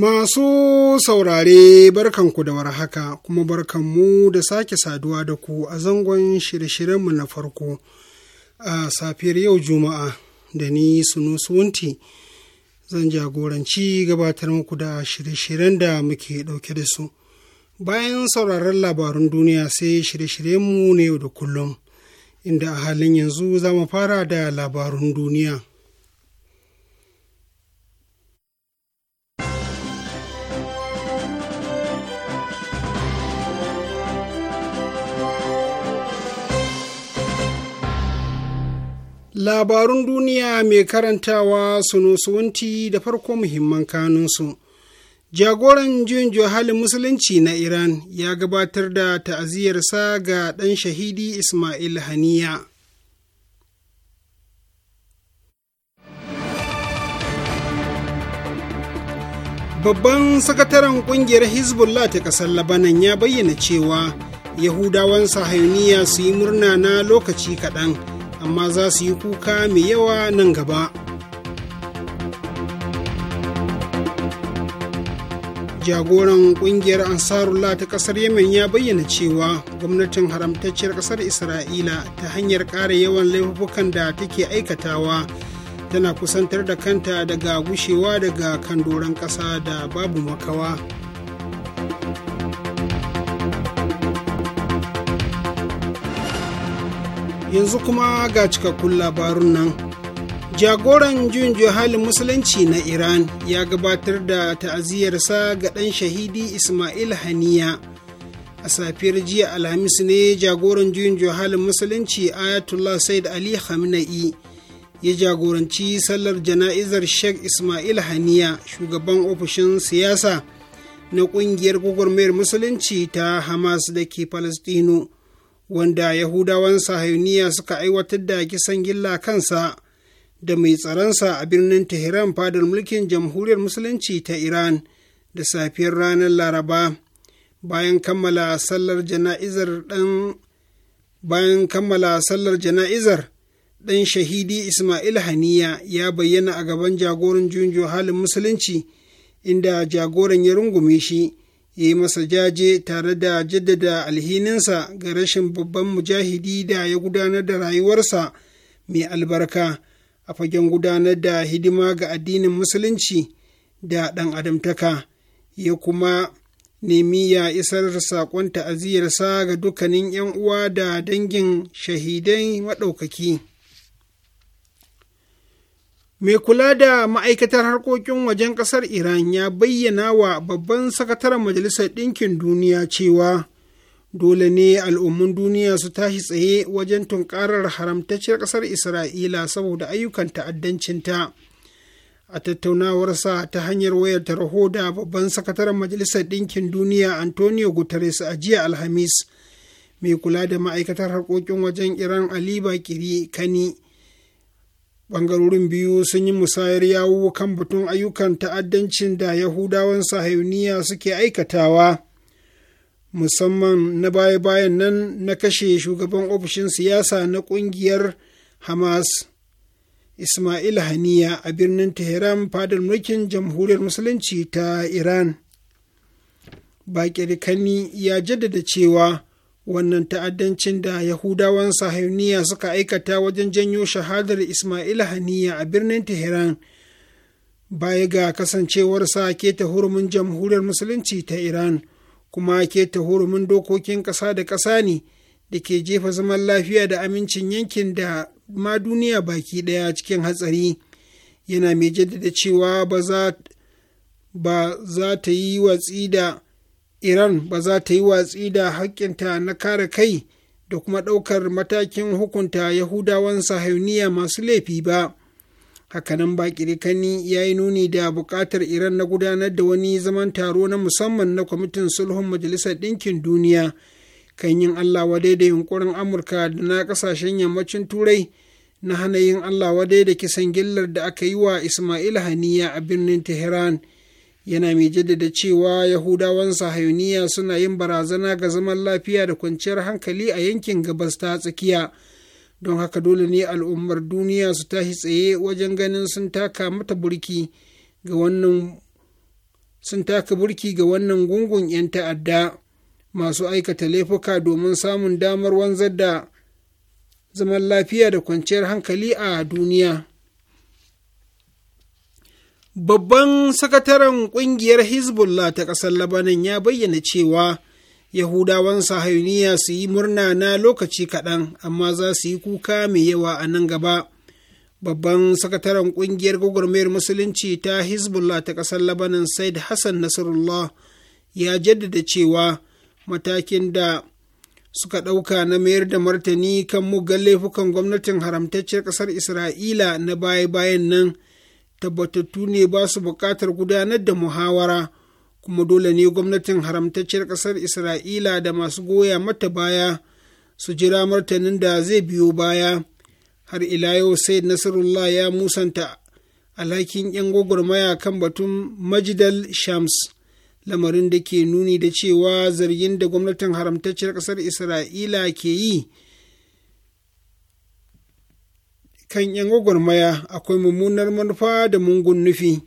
Masu saurare barkanku da warhaka kuma barkanmu da sake saduwa da ku a zangon shirye-shiryenmu na farko a safiyar yau Juma'a da ni sunusunti zan jagoranci gabatar muku da shirye-shiryen da muke ɗauke da su. Bayan sauraron labarun duniya sai shirye-shiryenmu na yau da kullum, inda a halin yanzu za mu fara da labarun duniya. Labarun duniya mai karantawa su suwanti da farko muhimman kanunsu. Jagoran juyin halin Musulunci na Iran ya gabatar da ta'aziyarsa ga ɗan shahidi Ismail Haniya. Babban sakataren ƙungiyar Hezbollah ta ƙasar Labanan ya bayyana cewa Yahudawan Sahayuniya su yi murna na lokaci kaɗan. amma za su yi kuka mai yawa nan gaba jagoran kungiyar ansarula ta kasar yemen ya bayyana cewa gwamnatin haramtacciyar kasar isra'ila ta hanyar ƙara yawan laifukan da take aikatawa tana kusantar da kanta daga gushewa daga kan doron ƙasa da babu makawa yanzu kuma ga cikakkun labarun nan jagoran juyin halin musulunci na iran ya gabatar da ta'aziyarsa ga ɗan shahidi ismail haniya a safiyar jiya alhamis ne jagoran juyin halin musulunci ayatollah said ali khamenei ya jagoranci sallar jana'izar sheikh ismail haniya shugaban ofishin siyasa na ƙungiyar gwagwarmayar musulunci ta hamas da ke palestino wanda yahudawan sahayuniya suka aiwatar da kisan gilla kansa da mai tsaronsa a birnin tehran fadar mulkin jamhuriyar musulunci ta iran da safiyar ranar laraba bayan kammala sallar jana'izar ɗan bayan kammala sallar jana'izar ɗan shahidi Ismail Haniya ya bayyana a gaban jagoran junjo halin musulunci inda jagoran ya rungume shi ya yi masa jaje tare da jaddada alhininsa ga rashin babban mujahidi da ya gudanar da rayuwarsa mai albarka a fagen gudanar da hidima ga addinin musulunci da ɗan adamtaka ya kuma nemi ya isar saƙon ta'aziyyarsa ga dukkanin 'yan uwa da dangin shahidai maɗaukaki. mai kula da ma'aikatar harkokin wajen ƙasar iran ya bayyana wa babban sakataren majalisar ɗinkin duniya cewa dole ne al'ummun duniya su tashi tsaye wajen tunkarar haramtacciyar ƙasar isra'ila saboda ayyukan ta'addancinta a tattaunawarsa ta hanyar wayar tarho da babban sakataren majalisar ɗinkin duniya antonio guterres a jiya alhamis mai kula da ma'aikatar harkokin wajen iran ali bakiri kani Bangarorin biyu sun yi musayar yawo kan batun ayyukan ta'addancin da Yahudawan sahayuniya suke aikatawa, musamman na baya-bayan nan na kashe shugaban ofishin siyasa na ƙungiyar Hamas. Ismail Haniya a birnin Tehran fadar mulkin jamhuriyar Musulunci ta Iran. Bakir Kani ya jaddada cewa wannan ta'addancin da yahudawan sahauniya suka aikata wajen janyo shahadar isma'il haniya a birnin tehran baya ga kasancewarsa keta hurumin jamhuriyar musulunci ta iran kuma keta hurumin dokokin ƙasa da ƙasa ne da ke jefa zaman lafiya da amincin yankin da ma duniya baki ɗaya cikin hatsari yana mai jaddada cewa ba za ta yi watsi da iran ba za ta yi watsi da haƙƙinta na kare kai da kuma ɗaukar matakin hukunta yahudawan sahauniya masu laifi ba hakanan bakirikani ya yi nuni da buƙatar iran na gudanar da wani zaman taro na musamman na kwamitin sulhun majalisar ɗinkin duniya kan yin allah wadai da yunkurin amurka da na ƙasashen yammacin turai na hana yin allah wadai da kisan gillar da aka yi wa ismail haniya a birnin tehran yana mai jaddada cewa yahudawan sahayuniya suna yin barazana ga zaman lafiya da kwanciyar hankali a yankin gabas ta tsakiya don haka dole ne al'ummar duniya su tashi tsaye wajen ganin sun taka mata burki ga wannan sun taka burki ga wannan gungun 'yan ta'adda masu aikata laifuka domin samun damar wanzar da zaman lafiya da kwanciyar hankali a duniya. Babban sakataren ƙungiyar Hezbollah ta ƙasar Labanan ya bayyana cewa Yahudawan sahayuniya su yi murna na lokaci kaɗan, amma za su yi kuka mai yawa a nan gaba. Babban sakataren ƙungiyar gwagwarmayar Musulunci ta Hezbollah ta ƙasar Labanan Said Hassan Nasrullah ya jaddada cewa matakin da suka ɗauka na mayar da martani kan mugan laifukan gwamnatin haramtacciyar ƙasar Isra'ila na baya-bayan nan. tabbatattu ne ba su buƙatar gudanar da muhawara kuma dole ne gwamnatin haramtacciyar ƙasar isra'ila da masu goya mata baya su jira martanin da zai biyo baya har ila yau sai nasarullah ya musanta alhakin 'yan gwagwarmaya kan batun majidal shams lamarin da ke nuni da cewa zargin da gwamnatin haramtacciyar ƙasar isra'ila ke yi kan 'yan gwagwarmaya akwai mummunar manufa da mungun nufi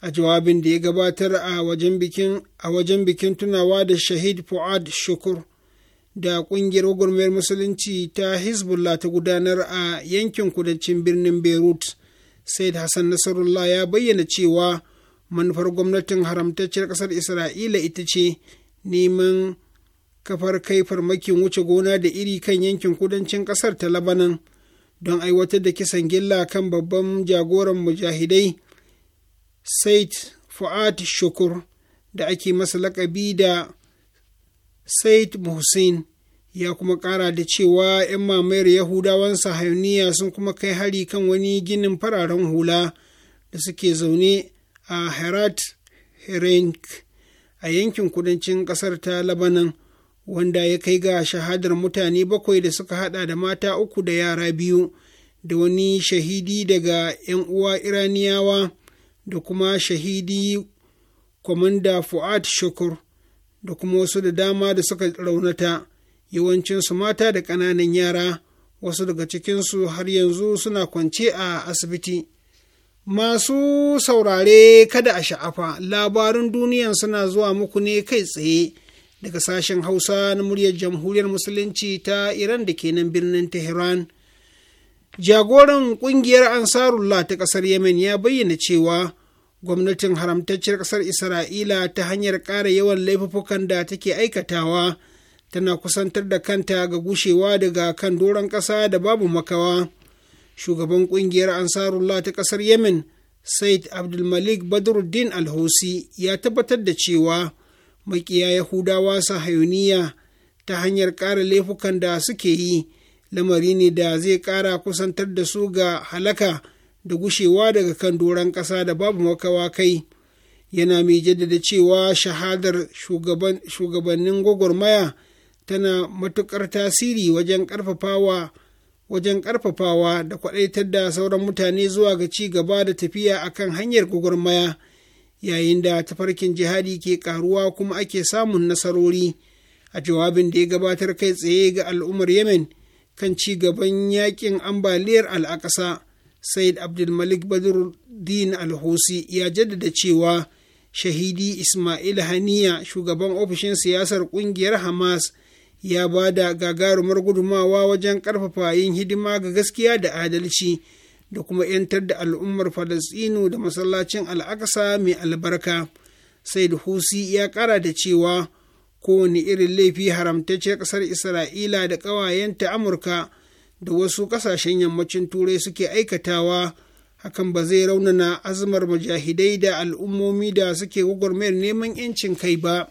a jawabin da ya gabatar a wajen bikin a wajen bikin tunawa da shahid fuad shukur da ƙungiyar gwagwarmayar musulunci ta hezbollah ta gudanar a yankin kudancin birnin beirut said hassan nasarullah ya bayyana cewa manufar gwamnatin haramtacciyar ƙasar isra'ila ita ce neman kafar kai farmakin wuce gona da iri kan yankin kudancin ƙasar ta labanan don aiwatar da kisan gilla kan babban jagoran mujahidai said fu'ad shukur da ake masa lakabi da said Hussein ya kuma ƙara da cewa 'yan mamayar yahudawan sahayuniya sun kuma kai hari kan wani ginin fararen hula da suke zaune a herat herenk a yankin kudancin ƙasar ta labanan wanda ya kai ga shahadar mutane bakwai da suka hada da mata uku da yara biyu da wani shahidi daga 'yan uwa iraniyawa da kuma shahidi kwamanda fuad shukur da kuma wasu da dama da suka raunata yawancinsu mata da ƙananan yara wasu daga cikinsu har yanzu suna kwance a asibiti masu saurare kada a sha'afa labarin duniyan suna zuwa muku ne kai tsaye daga sashen hausa na muryar jamhuriyar musulunci ta iran da ke nan birnin tehran jagoran kungiyar ansarullah ta kasar yemen ya bayyana cewa gwamnatin haramtacciyar kasar isra'ila ta hanyar ƙara yawan laifukan da take aikatawa tana kusantar da kanta ga gushewa daga kan doron ƙasa da babu makawa shugaban kungiyar ansarullah ta kasar yemen said abdulmalik badruddin alhosi ya tabbatar da cewa makiya yahudawa sahayuniya ta hanyar ƙara laifukan da suke yi lamari ne da zai ƙara kusantar da su ga halaka da gushewa daga kan doron ƙasa da babu makawa kai yana mai jaddada cewa shahadar shugabannin gwagwarmaya tana matuƙar tasiri wajen ƙarfafawa wajen ƙarfafawa da kwaɗaitar da sauran mutane zuwa ga ci gaba da tafiya akan hanyar gwagwarmaya. yayin da tafarkin jihadi ke karuwa kuma ake samun nasarori a jawabin da ya gabatar kai tsaye ga al'ummar yemen kan ci gaban yakin ambaliyar al'akasa said abdulmalik badruddin alhosi ya jaddada cewa shahidi ismail haniya shugaban ofishin siyasar kungiyar hamas ya ba da gagarumar gudumawa wajen karfafa yin hidima ga gaskiya da adalci da kuma 'yantar da al'ummar falasɗinu da masallacin al'aqsa mai albarka sai da husi ya ƙara da cewa kowane irin laifi haramtacce ƙasar isra'ila da ƙawayenta amurka da wasu ƙasashen yammacin turai suke aikatawa hakan ba zai raunana azumar majahidai da al'ummomi da suke gwagwarmayar neman 'yancin kai ba.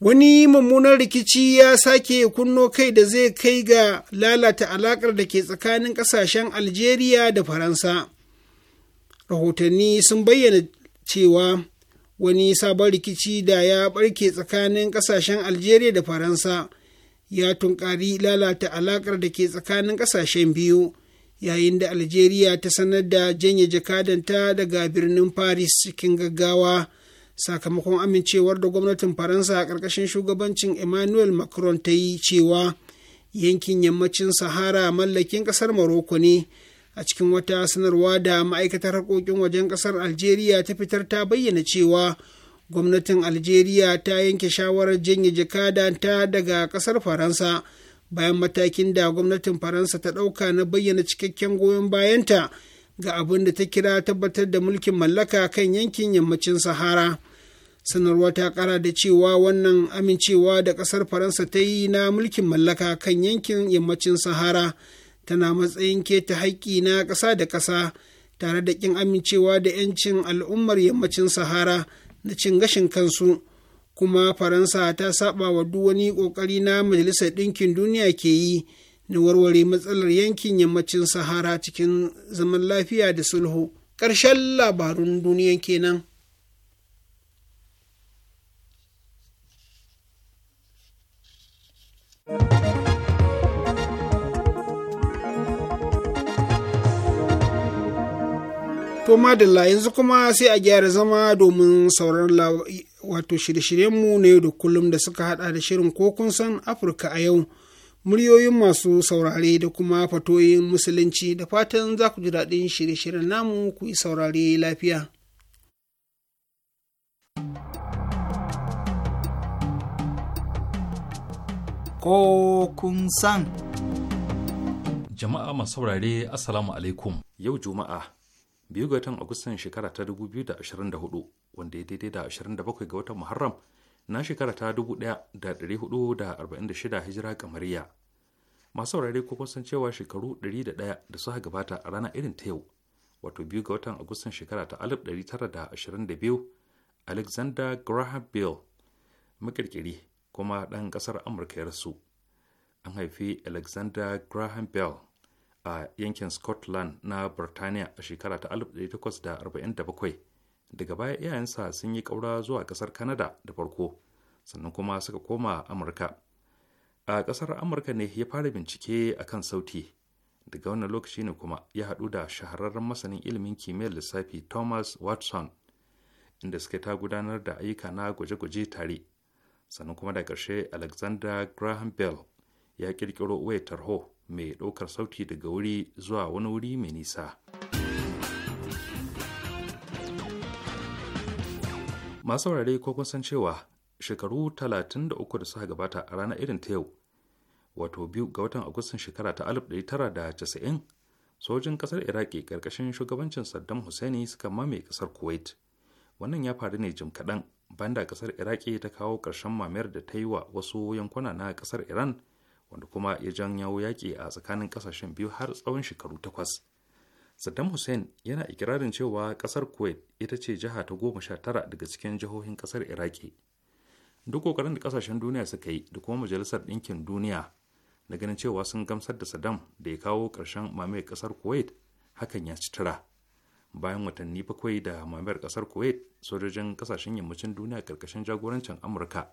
Wani mummunan rikici ya sake kunno kai da zai kai ga lalata alaƙar da ke tsakanin ƙasashen Algeria da Faransa. Rahotanni sun bayyana cewa wani sabon rikici da ya ɓarke tsakanin ƙasashen Algeria da Faransa ya tunƙari lalata alaƙar da ke tsakanin ƙasashen biyu, yayin da Algeria ta sanar da janye jakadanta daga birnin Paris cikin gaggawa. sakamakon amincewar da gwamnatin faransa a ƙarƙashin shugabancin emmanuel macron ta yi cewa yankin yammacin sahara mallakin ƙasar morocco ne a cikin wata sanarwa da ma'aikatar harkokin wajen ƙasar algeria ta fitar ta bayyana cewa gwamnatin algeria ta yanke shawarar janye jakada ta daga ƙasar faransa bayan matakin da gwamnatin faransa ta ɗauka na bayyana cikakken goyon bayanta ga abin da ta kira tabbatar da mulkin mallaka kan yankin yammacin sahara sanarwa ta kara da cewa wannan amincewa da kasar faransa ta yi na mulkin mallaka kan yankin yammacin sahara tana matsayin keta haƙƙi na ƙasa da ƙasa tare da ƙin amincewa da 'yancin al'ummar yammacin sahara na cin gashin kansu kuma faransa ta saba wa duk wani ƙoƙari na majalisar ɗinkin duniya ke yi na warware matsalar yankin yammacin sahara cikin zaman lafiya da sulhu ƙarshen labarun duniya kenan. To madalla yanzu kuma sai a gyara zama domin sauran wato shirye-shiryenmu na yau da kullum da suka hada da shirin ko kun san Afirka a yau. muryoyin masu saurare da kuma fatoyin musulunci da fatan za ku ji daɗin shirye-shiryen namu ku yi saurare lafiya. Ko kun san. Jama'a masu saurare Assalamu alaikum. Yau Juma'a, biyu ga watan Agustan shekara ta 2024 wanda ya daidai da 27 ga watan Muharram na shekara ta 1446 hijira kamariya masu saurare ko kun san cewa shekaru 101 da suka gabata a rana irin ta yau wato biyu ga watan agustan shekara ta 1922 alexander graham bell makirkiri kuma ɗan ƙasar amurka ya rasu an haifi alexander graham bell a yankin scotland na birtaniya a shekara ta 1847 daga baya iyayensa sun yi ƙaura zuwa ƙasar kanada da farko sannan kuma suka koma amurka a ƙasar amurka ne ya fara bincike a kan sauti daga wannan lokaci ne kuma ya haɗu da shahararren masanin ilimin kimiyyar lissafi thomas watson inda suka ta gudanar da ayyuka na gwaje-gwaje tare sannan kuma da ƙarshe alexander graham bell ya ƙirƙiro wayar tarho mai ɗaukar sauti daga wuri zuwa wani wuri mai nisa. masu saurare ko kun san cewa shekaru 33 da suka gabata a ranar irin ta yau wato biyu ga watan agustan shekara ta 1990 sojin kasar iraki karkashin shugabancin saddam hussein suka mame kasar kuwait wannan ya faru ne jim kaɗan banda kasar iraki ta kawo ƙarshen mamayar da ta yi wa wasu yankuna na kasar iran wanda kuma ya janyo yaƙi a tsakanin ƙasashen biyu har tsawon shekaru takwas Saddam Hussein yana ikirarin cewa ƙasar Kuwait ita ce jiha ta goma sha tara daga cikin jihohin ƙasar Iraki. Duk ƙoƙarin da ƙasashen duniya suka yi da kuma Majalisar Ɗinkin Duniya na ganin cewa sun gamsar da Saddam da ya kawo ƙarshen mamayar ƙasar Kuwait hakan ya ci tura. Bayan watanni bakwai da mamayar ƙasar Kuwait, sojojin ƙasashen yammacin duniya ƙarƙashin jagorancin Amurka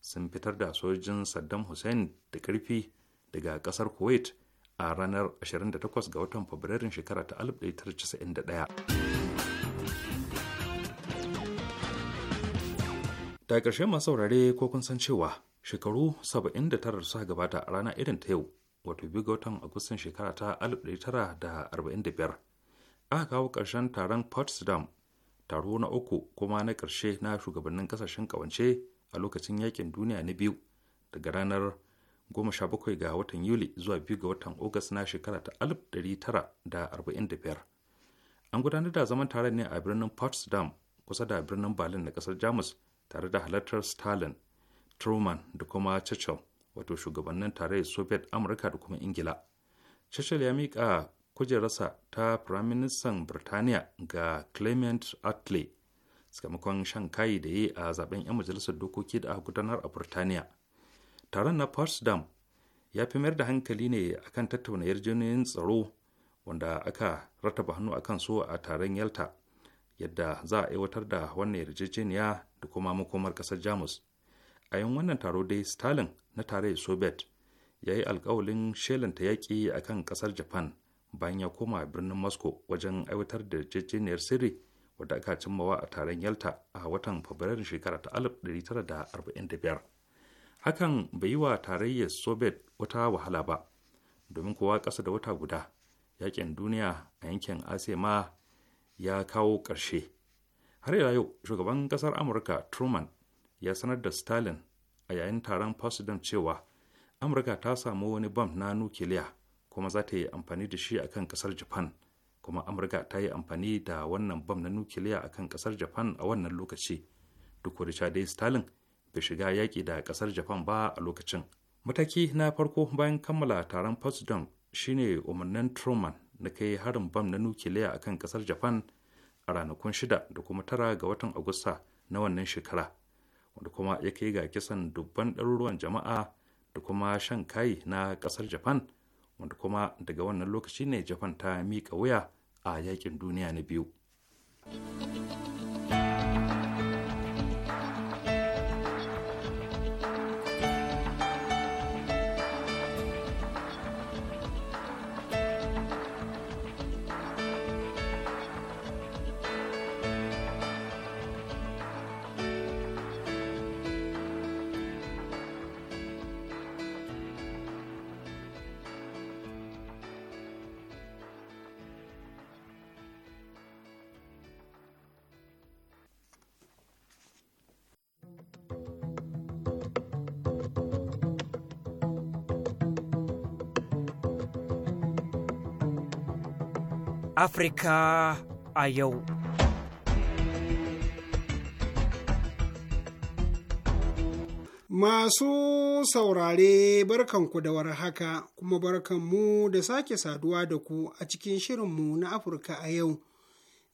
sun fitar da sojojin Saddam Hussein da ƙarfi daga ƙasar Kuwait a ranar 28 ga watan fabrairun shekara ta 1991 daga ƙarshe masu saurare ko kun san cewa shekaru 79 suka gabata a rana irin ta yau wato biyu ga watan agustan shekara ta 1945 aka kawo ƙarshen taron potsdam taro na uku kuma na ƙarshe na shugabannin ƙasashen ƙawance a lokacin yakin duniya na biyu daga ranar goma sha bakwai ga watan Yuli zuwa biyu ga watan ogas na shekara ta alif dari tara da da arba'in biyar. An gudanar da zaman tare ne a birnin Potsdam kusa da birnin Berlin na kasar Jamus tare da halartar Stalin, Truman da kuma Churchill wato shugabannin tarayyar Soviet Amurka da kuma Ingila. Churchill ya mika kujerarsa ta Firaministan Birtaniya ga Clement Attlee sakamakon shan kayi da yi a zaben 'yan majalisar dokoki da aka gudanar a Birtaniya. taron na potsdam ya fi mayar da hankali ne akan tattauna yarjejeniyar tsaro wanda aka rataba hannu a kan so a taron yalta yadda za a aiwatar da wannan yarjejeniya da kuma makomar kasar jamus a yin wannan taro dai stalin na tarayyar soviet ya yi alkawalin shelanta yaƙi a kan ƙasar japan bayan ya koma birnin moscow wajen aiwatar da yarjejeniyar sirri wadda aka cimmawa a taron yalta a watan fabrairun shekara ta 1945 hakan bai yi wa tarayyar soviet wata wahala ba domin kowa ƙasa da wata guda yakin duniya a yankin asiya ma ya kawo ƙarshe har ila yau shugaban ƙasar amurka truman ya sanar da stalin a yayin taron potsdam cewa amurka ta samu wani bam na nukiliya kuma za ta yi amfani da shi akan ƙasar japan kuma amurka ta yi amfani da wannan bam na nukiliya akan ƙasar japan a wannan lokaci duk da dai stalin bai shiga yaƙi da ƙasar japan ba a lokacin mataki na farko bayan kammala taron potsdam shine umarnin truman na kai harin bam na nukiliya akan ƙasar japan a ranakun shida da kuma tara ga watan agusta na wannan shekara wanda kuma ya kai ga kisan dubban ɗaruruwan jama'a da kuma shan kai na ƙasar japan wanda kuma daga wannan lokaci ne japan ta mika wuya a yaƙin duniya na biyu Afirka a yau. Masu saurare barkan ku da haka kuma barkanmu da sake saduwa da ku a cikin shirinmu na Afirka a yau.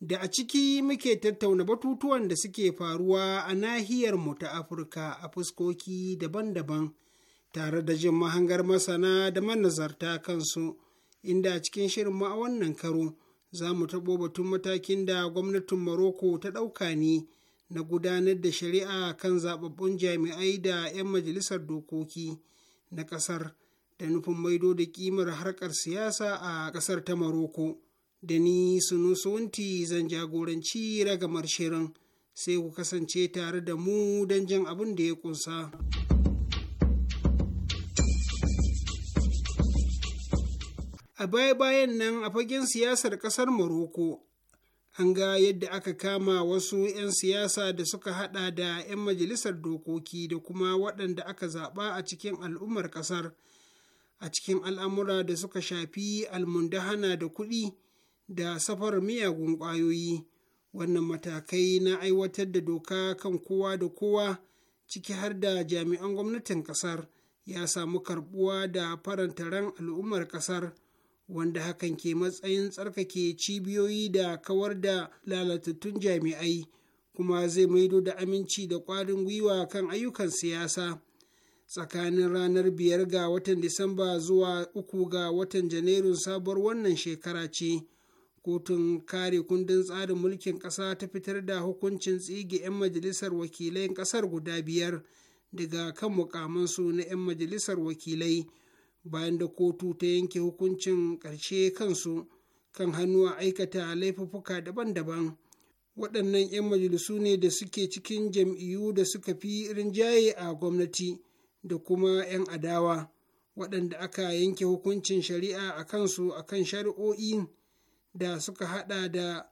Da a ciki muke tattauna batutuwan da suke faruwa a nahiyar mu ta Afirka a fuskoki daban-daban tare da jin mahangar masana da manazarta kansu, inda a cikin shirinmu a wannan karo. za mu taɓo batun matakin da gwamnatin Maroko ta ɗauka ne na gudanar da shari'a kan zaɓaɓɓun jami'ai da 'yan majalisar dokoki na ƙasar da nufin maido da ƙimar harkar siyasa a ƙasar ta Maroko. Da ni sunusunti zan jagoranci ragamar shirin sai ku kasance tare da mu don jin abin da ya ƙunsa. a baya-bayan nan a fagen siyasar ƙasar Morocco. An ga yadda aka kama wasu 'yan siyasa da suka haɗa da 'yan majalisar dokoki da kuma waɗanda aka zaɓa a cikin al'ummar ƙasar a cikin al'amura da suka shafi almundahana da kuɗi da safar miyagun ƙwayoyi. Wannan matakai na aiwatar da doka kan kowa da kowa ciki har da jami'an gwamnatin ƙasar ya samu karɓuwa da faranta ran al'ummar ƙasar. wanda hakan ke matsayin tsarkake cibiyoyi da kawar da lalatattun jami'ai kuma zai maido da aminci da ƙwarin gwiwa kan ayyukan siyasa tsakanin ranar biyar ga watan disamba zuwa uku ga watan janairun sabuwar wannan shekara ce kotun kare kundin tsarin mulkin ƙasa ta fitar da hukuncin tsige 'yan majalisar wakilai ƙasar guda biyar daga kan mukamansu na 'yan majalisar wakilai bayan da kotu ta yanke hukuncin ƙarshe kansu kan hannu a aikata laifuffuka daban-daban waɗannan 'yan majalisu ne da suke cikin jam'iyyu da suka fi rinjaye a gwamnati da kuma 'yan adawa waɗanda aka yanke hukuncin shari'a a kansu a kan shari'o'i da suka haɗa da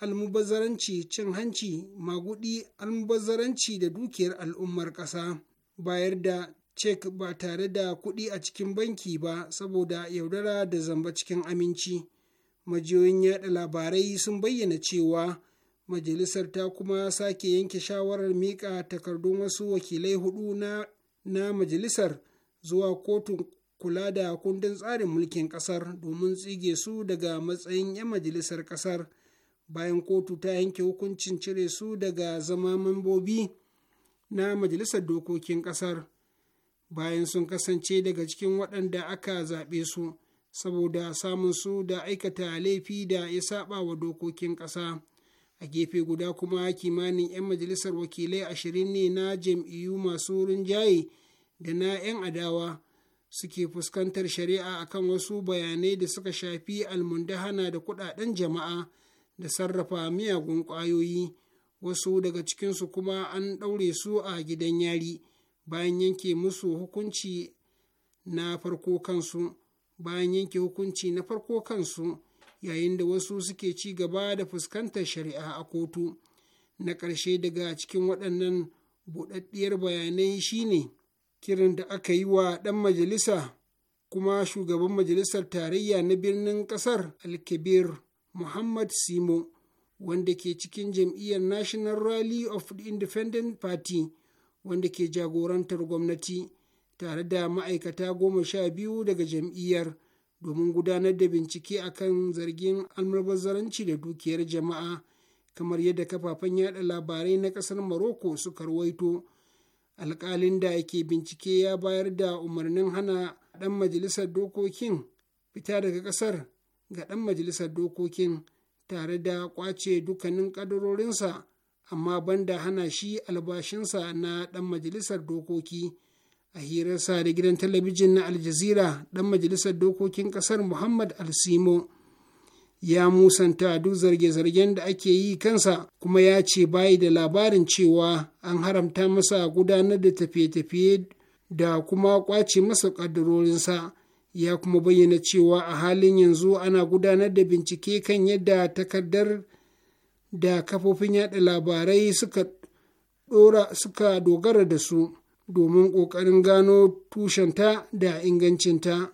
almubazzaranci cin hanci magudi almubazzaranci da dukiyar al'ummar ƙasa bayar da cek ba tare da kuɗi a cikin banki ba saboda yaudara da zamba cikin aminci majiyoyin yaɗa labarai sun bayyana cewa majalisar ta kuma sake yanke shawarar miƙa takardun wasu wakilai hudu na, na majalisar zuwa kotun kula da kundin tsarin mulkin ƙasar domin tsige su daga matsayin 'yan majalisar ƙasar bayan kotu ta yanke hukuncin cire su daga zama mambobi na majalisar dokokin ƙasar bayan sun kasance daga cikin waɗanda aka zaɓe su saboda samun su da aikata laifi da ya saɓa wa dokokin ƙasa a gefe guda kuma kimanin 'yan majalisar wakilai ashirin ne na jam'iyyu masu rinjaye da na 'yan adawa suke fuskantar shari'a akan wasu bayanai da suka shafi almundahana da kuɗaɗen jama'a da sarrafa miyagun ƙwayoyi wasu daga cikinsu kuma an ɗaure su a gidan yari. bayan yanke musu hukunci na farko kansu bayan yanke hukunci na farko kansu yayin da wasu suke ci gaba da fuskantar shari'a a kotu na ƙarshe daga cikin waɗannan buɗaɗɗiyar bayanai shine kirin da aka yi wa ɗan majalisa kuma shugaban majalisar tarayya na birnin ƙasar alkabir muhammad simo wanda ke cikin jam'iyyar national rally of the independent party wanda ke jagorantar gwamnati tare da ma'aikata goma sha biyu daga jam'iyyar domin gudanar da bincike a kan zargin almubazzaranci da dukiyar jama'a kamar yadda kafafen yada labarai na kasar maroko suka rawaito alkalin da ke bincike ya bayar da umarnin hana ɗan majalisar dokokin fita daga ƙasar ga ɗan majalisar dokokin tare da ƙwace dukkanin ƙaddarorinsa. amma banda hana shi albashinsa na ɗan majalisar dokoki a hirarsa da gidan talabijin na aljazira ɗan majalisar dokokin ƙasar muhammad alsimo ya musanta duk zarge-zargen da ake yi kansa kuma ya ce bayi da labarin cewa an haramta masa gudanar da tafiye-tafiye da kuma kwace masa ƙaddarorinsa ya kuma bayyana cewa a halin yanzu ana gudanar da bincike kan yadda takardar da kafofin yada labarai suka dora suka dogara da su domin ƙoƙarin gano tushenta da ingancinta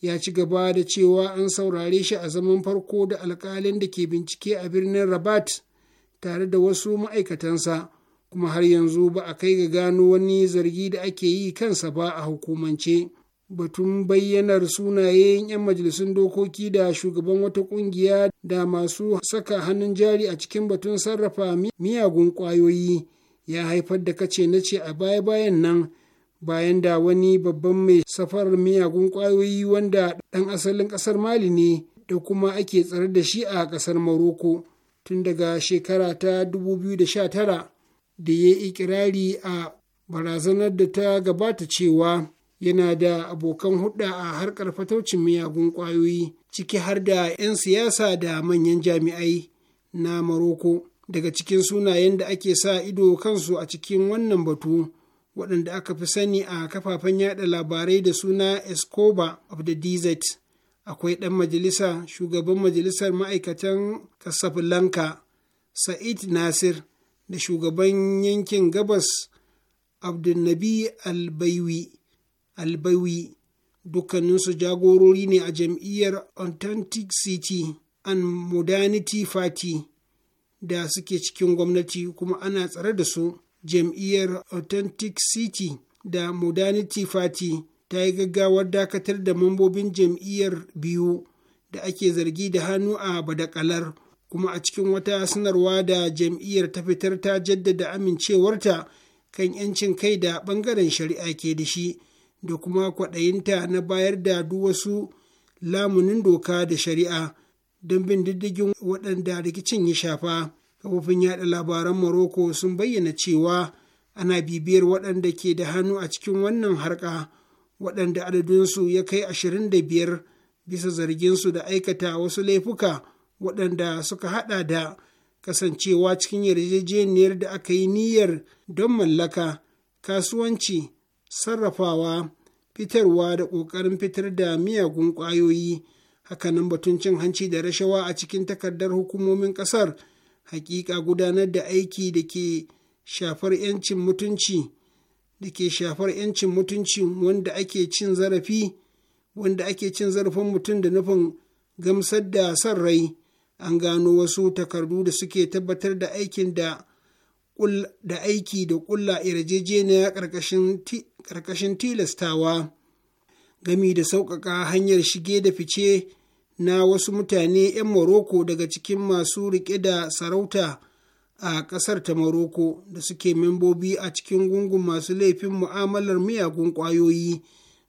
ya ci gaba da cewa an saurare shi a zaman farko da alkalin da ke bincike a birnin rabat tare da wasu ma'aikatansa kuma har yanzu ba a kai ga gano wani zargi da ake yi kansa ba a hukumance batun bayyanar sunayen 'yan majalisun dokoki da shugaban wata kungiya da masu saka hannun jari a cikin batun sarrafa miyagun kwayoyi ya haifar da kace na ce a baya-bayan nan bayan da wani babban mai safar miyagun kwayoyi wanda ɗan asalin ƙasar mali ne da kuma ake tsare da shi a ƙasar maroko tun daga shekara ta 2019 da ya yi ikirari a barazanar da ta gabata cewa yana da abokan hudda a harkar fataucin miyagun kwayoyi. ciki har da 'yan siyasa da manyan jami'ai na maroko daga cikin sunayen da ake sa ido kansu a cikin wannan batu waɗanda aka fi sani a kafafen yada labarai da suna escoba of the desert akwai ɗan majalisa shugaban majalisar ma'aikatan kasafilanka sa'id nasir da shugaban yankin gabas abdulnabi albaiwi albawi dukkaninsu jagorori ne a jam'iyyar authentic city and modernity party da suke cikin gwamnati kuma ana tsare da su jam'iyyar authentic city da modernity party ta yi gaggawar dakatar da mambobin jam'iyyar biyu da ake zargi da hannu a badakalar kuma a cikin wata sanarwa da jam'iyyar ta fitar ta jaddada amincewarta kan 'yancin kai da ɓangaren shari'a ke da shi da kuma kwaɗayinta na bayar da duk wasu lamunin doka da shari'a don bin diddigin waɗanda rikicin ya shafa kafofin yaɗa labaran Morocco sun bayyana cewa ana bibiyar waɗanda ke da hannu a cikin wannan harka waɗanda adadinsu ya kai ashirin da biyar bisa zarginsu da aikata wasu laifuka waɗanda suka haɗa da kasancewa cikin yarjejeniyar da aka yi niyyar don mallaka kasuwanci sarrafawa fitarwa da ƙoƙarin fitar da miyagun ƙwayoyi hakanan batun cin hanci da rashawa a cikin takardar hukumomin ƙasar hakika gudanar da aiki da ke shafar 'yancin mutunci da ke shafar 'yancin mutunci wanda ake cin zarafi wanda ake cin zarafin mutum da nufin gamsar da sarrai rai an gano wasu takardu da suke tabbatar da da aiki da ƙulla yarjejeniya ƙarƙashin ƙarƙashin tilastawa gami da sauƙaƙa hanyar shige da fice na wasu mutane 'yan Morocco daga cikin masu riƙe da sarauta a ƙasar ta Morocco da suke membobi a cikin gungun masu laifin mu'amalar miyagun ƙwayoyi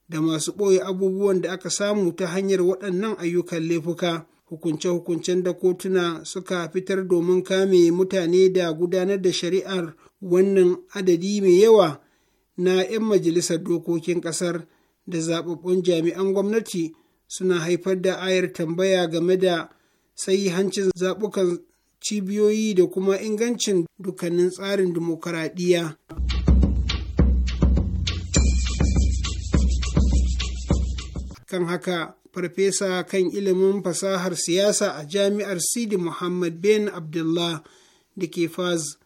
da masu ɓoye abubuwan da aka samu ta hanyar waɗannan ayyukan laifuka. Hukunce-hukuncen da kotuna suka fitar domin kame mutane da gudanar da shari'ar wannan adadi mai yawa na 'yan majalisar dokokin ƙasar da zaɓaɓɓun jami'an gwamnati suna haifar da ayar tambaya game da hancin zaɓukan cibiyoyi da kuma ingancin dukkanin tsarin dimokuraɗiyya. kan haka farfesa kan ilimin fasahar siyasa a jami'ar sidi muhammad bin abdullah da ke faz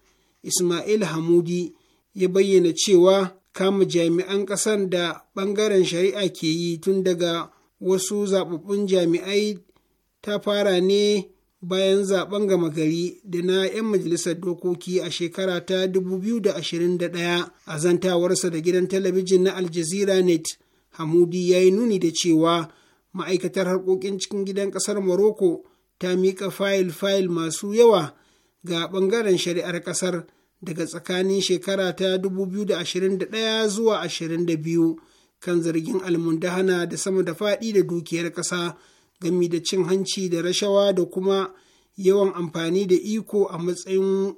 ismail hamudi ya bayyana cewa kama jami'an ƙasar da ɓangaren shari'a ke yi tun daga wasu zaɓaɓɓun jami'ai ta fara ne bayan zaɓen gama gari da na 'yan majalisar dokoki a shekara ta 2021 a zantawarsa da gidan talabijin na aljazeera net hamudi ya yi nuni da cewa ma'aikatar harkokin cikin gidan ƙasar morocco ta miƙa fayil-fayil masu yawa ga ɓangaren shari'ar ƙasar daga tsakanin shekara ta 2021 zuwa 22 kan zargin almundahana da sama da faɗi da dukiyar ƙasa gami da cin hanci da rashawa da kuma yawan amfani da iko a matsayin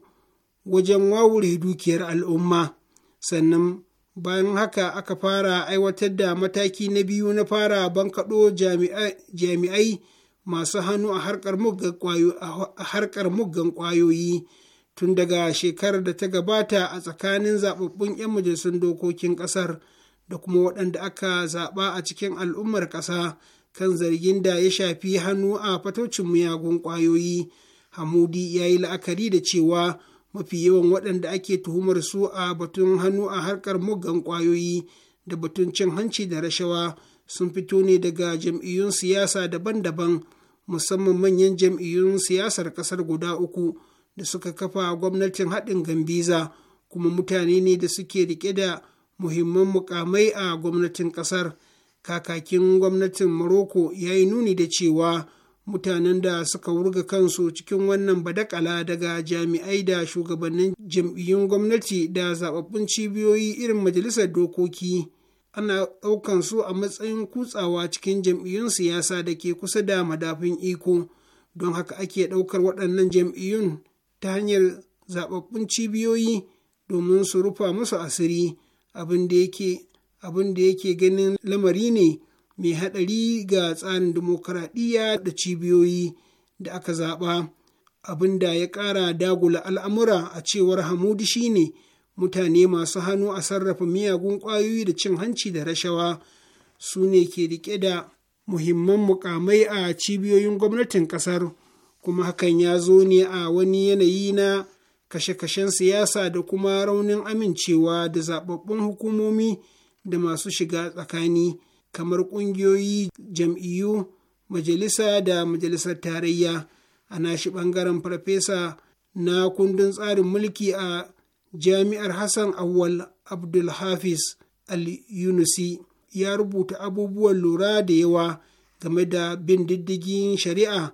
wajen wawure dukiyar al'umma sannan bayan haka aka fara aiwatar da mataki na biyu na fara bankaɗo jami'ai masu hannu a harkar muggan ƙwayoyi tun daga shekarar da ta gabata a tsakanin zaɓaɓɓun 'yan majalisun dokokin ƙasar da kuma waɗanda aka zaɓa a cikin al'ummar ƙasa kan zargin da ya shafi hannu a fatocin miyagun ƙwayoyi hamudi ya yi la'akari da cewa mafi yawan waɗanda ake tuhumar su a batun hannu a harkar muggan ƙwayoyi da batun cin hanci da rashawa sun fito ne daga jam'iyyun siyasa daban-daban musamman manyan jam'iyyun siyasar ƙasar guda uku da suka kafa gwamnatin haɗin gambiza kuma mutane ne da suke riƙe da muhimman mukamai a gwamnatin ƙasar kakakin gwamnatin maroko ya yi nuni da cewa mutanen da suka wurga kansu cikin wannan badakala daga jami'ai da shugabannin jam'iyyun gwamnati da zababbun cibiyoyi irin majalisar dokoki ana ɗaukan su a matsayin kutsawa cikin jam'iyyun siyasa da ke kusa da madafin iko don haka ake ɗaukar waɗannan jam'iyyun ta hanyar zaɓaɓɓun cibiyoyi domin su rufa musu asiri abin da yake ganin lamari ne mai haɗari ga tsarin dimokuraɗiyya da cibiyoyi da aka zaɓa abin da ya ƙara dagula al'amura a cewar hamudi shine mutane masu hannu a sarrafa miyagun ƙwayoyi da cin hanci da rashawa su ne ke riƙe da muhimman mukamai a cibiyoyin gwamnatin ƙasar kuma hakan ya zo ne a wani yanayi na kashe-kashen siyasa da kuma raunin amincewa da zababbun hukumomi da masu shiga tsakani kamar ƙungiyoyi jam'iyyu majalisa da majalisar tarayya a nashi ɓangaren farfesa na kundin tsarin mulki a jami'ar hassan awwal abdulhafiz al-yunusi ya rubuta abubuwan lura da yawa game da bin diddigin shari'a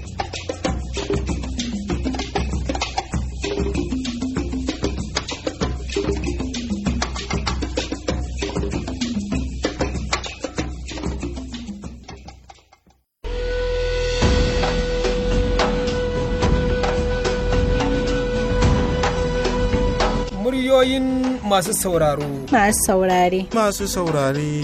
masu sauraro. Masu saurare. Masu saurare.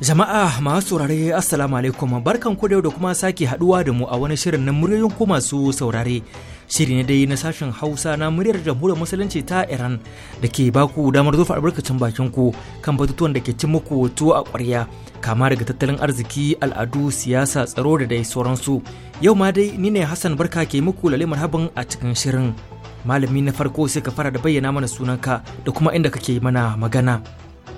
Jama'a masu saurare Assalamu alaikum barkan ku da kuma sake haduwa da mu a wani shirin na muryoyin ku masu saurare. Shiri ne dai na sashen Hausa na muryar jamhuriyar musulunci ta Iran da ke baku damar zufa albarkacin bakin ku kan batutuwan da ke cin muku wato a kwarya kama daga tattalin arziki, al'adu, siyasa, tsaro da dai sauransu. Yau ma dai ni ne Hassan Barka ke muku lalle marhaban a cikin shirin. malami na farko sai ka fara da bayyana mana sunanka da kuma inda kake mana magana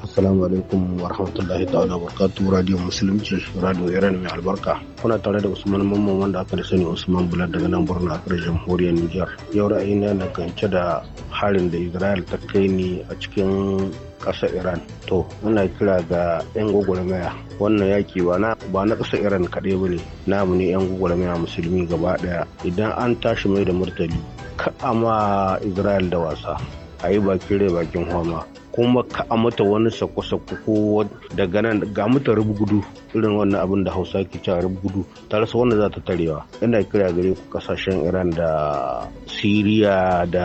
Assalamu alaikum wa rahmatullahi ta'ala wa barakatuh Radio Musulunci Radio Iran mai albarka. Kuna tare da Usman Mamman wanda aka da sani Usman Bulat daga nan Borno a jamhuriyar Nijar. Yau ra'ayina na gance da harin da Israel ta kai ni a cikin Ƙasa iran to muna kira ga 'yan gwagwarmaya wannan yaki ba na ƙasa iran kaɗai ba ne namu ne 'yan gwagwarmaya musulmi gaba ɗaya idan an tashi mai da murtali ka'a ma israel da wasa a yi bakin rai bakin homa kuma ka a mata wani sako ko daga nan ga mata rubgudu irin wannan abin da hausa ke cewa gudu ta rasa wanda za ta tarewa ina kira gare ku kasashen iran da siriya da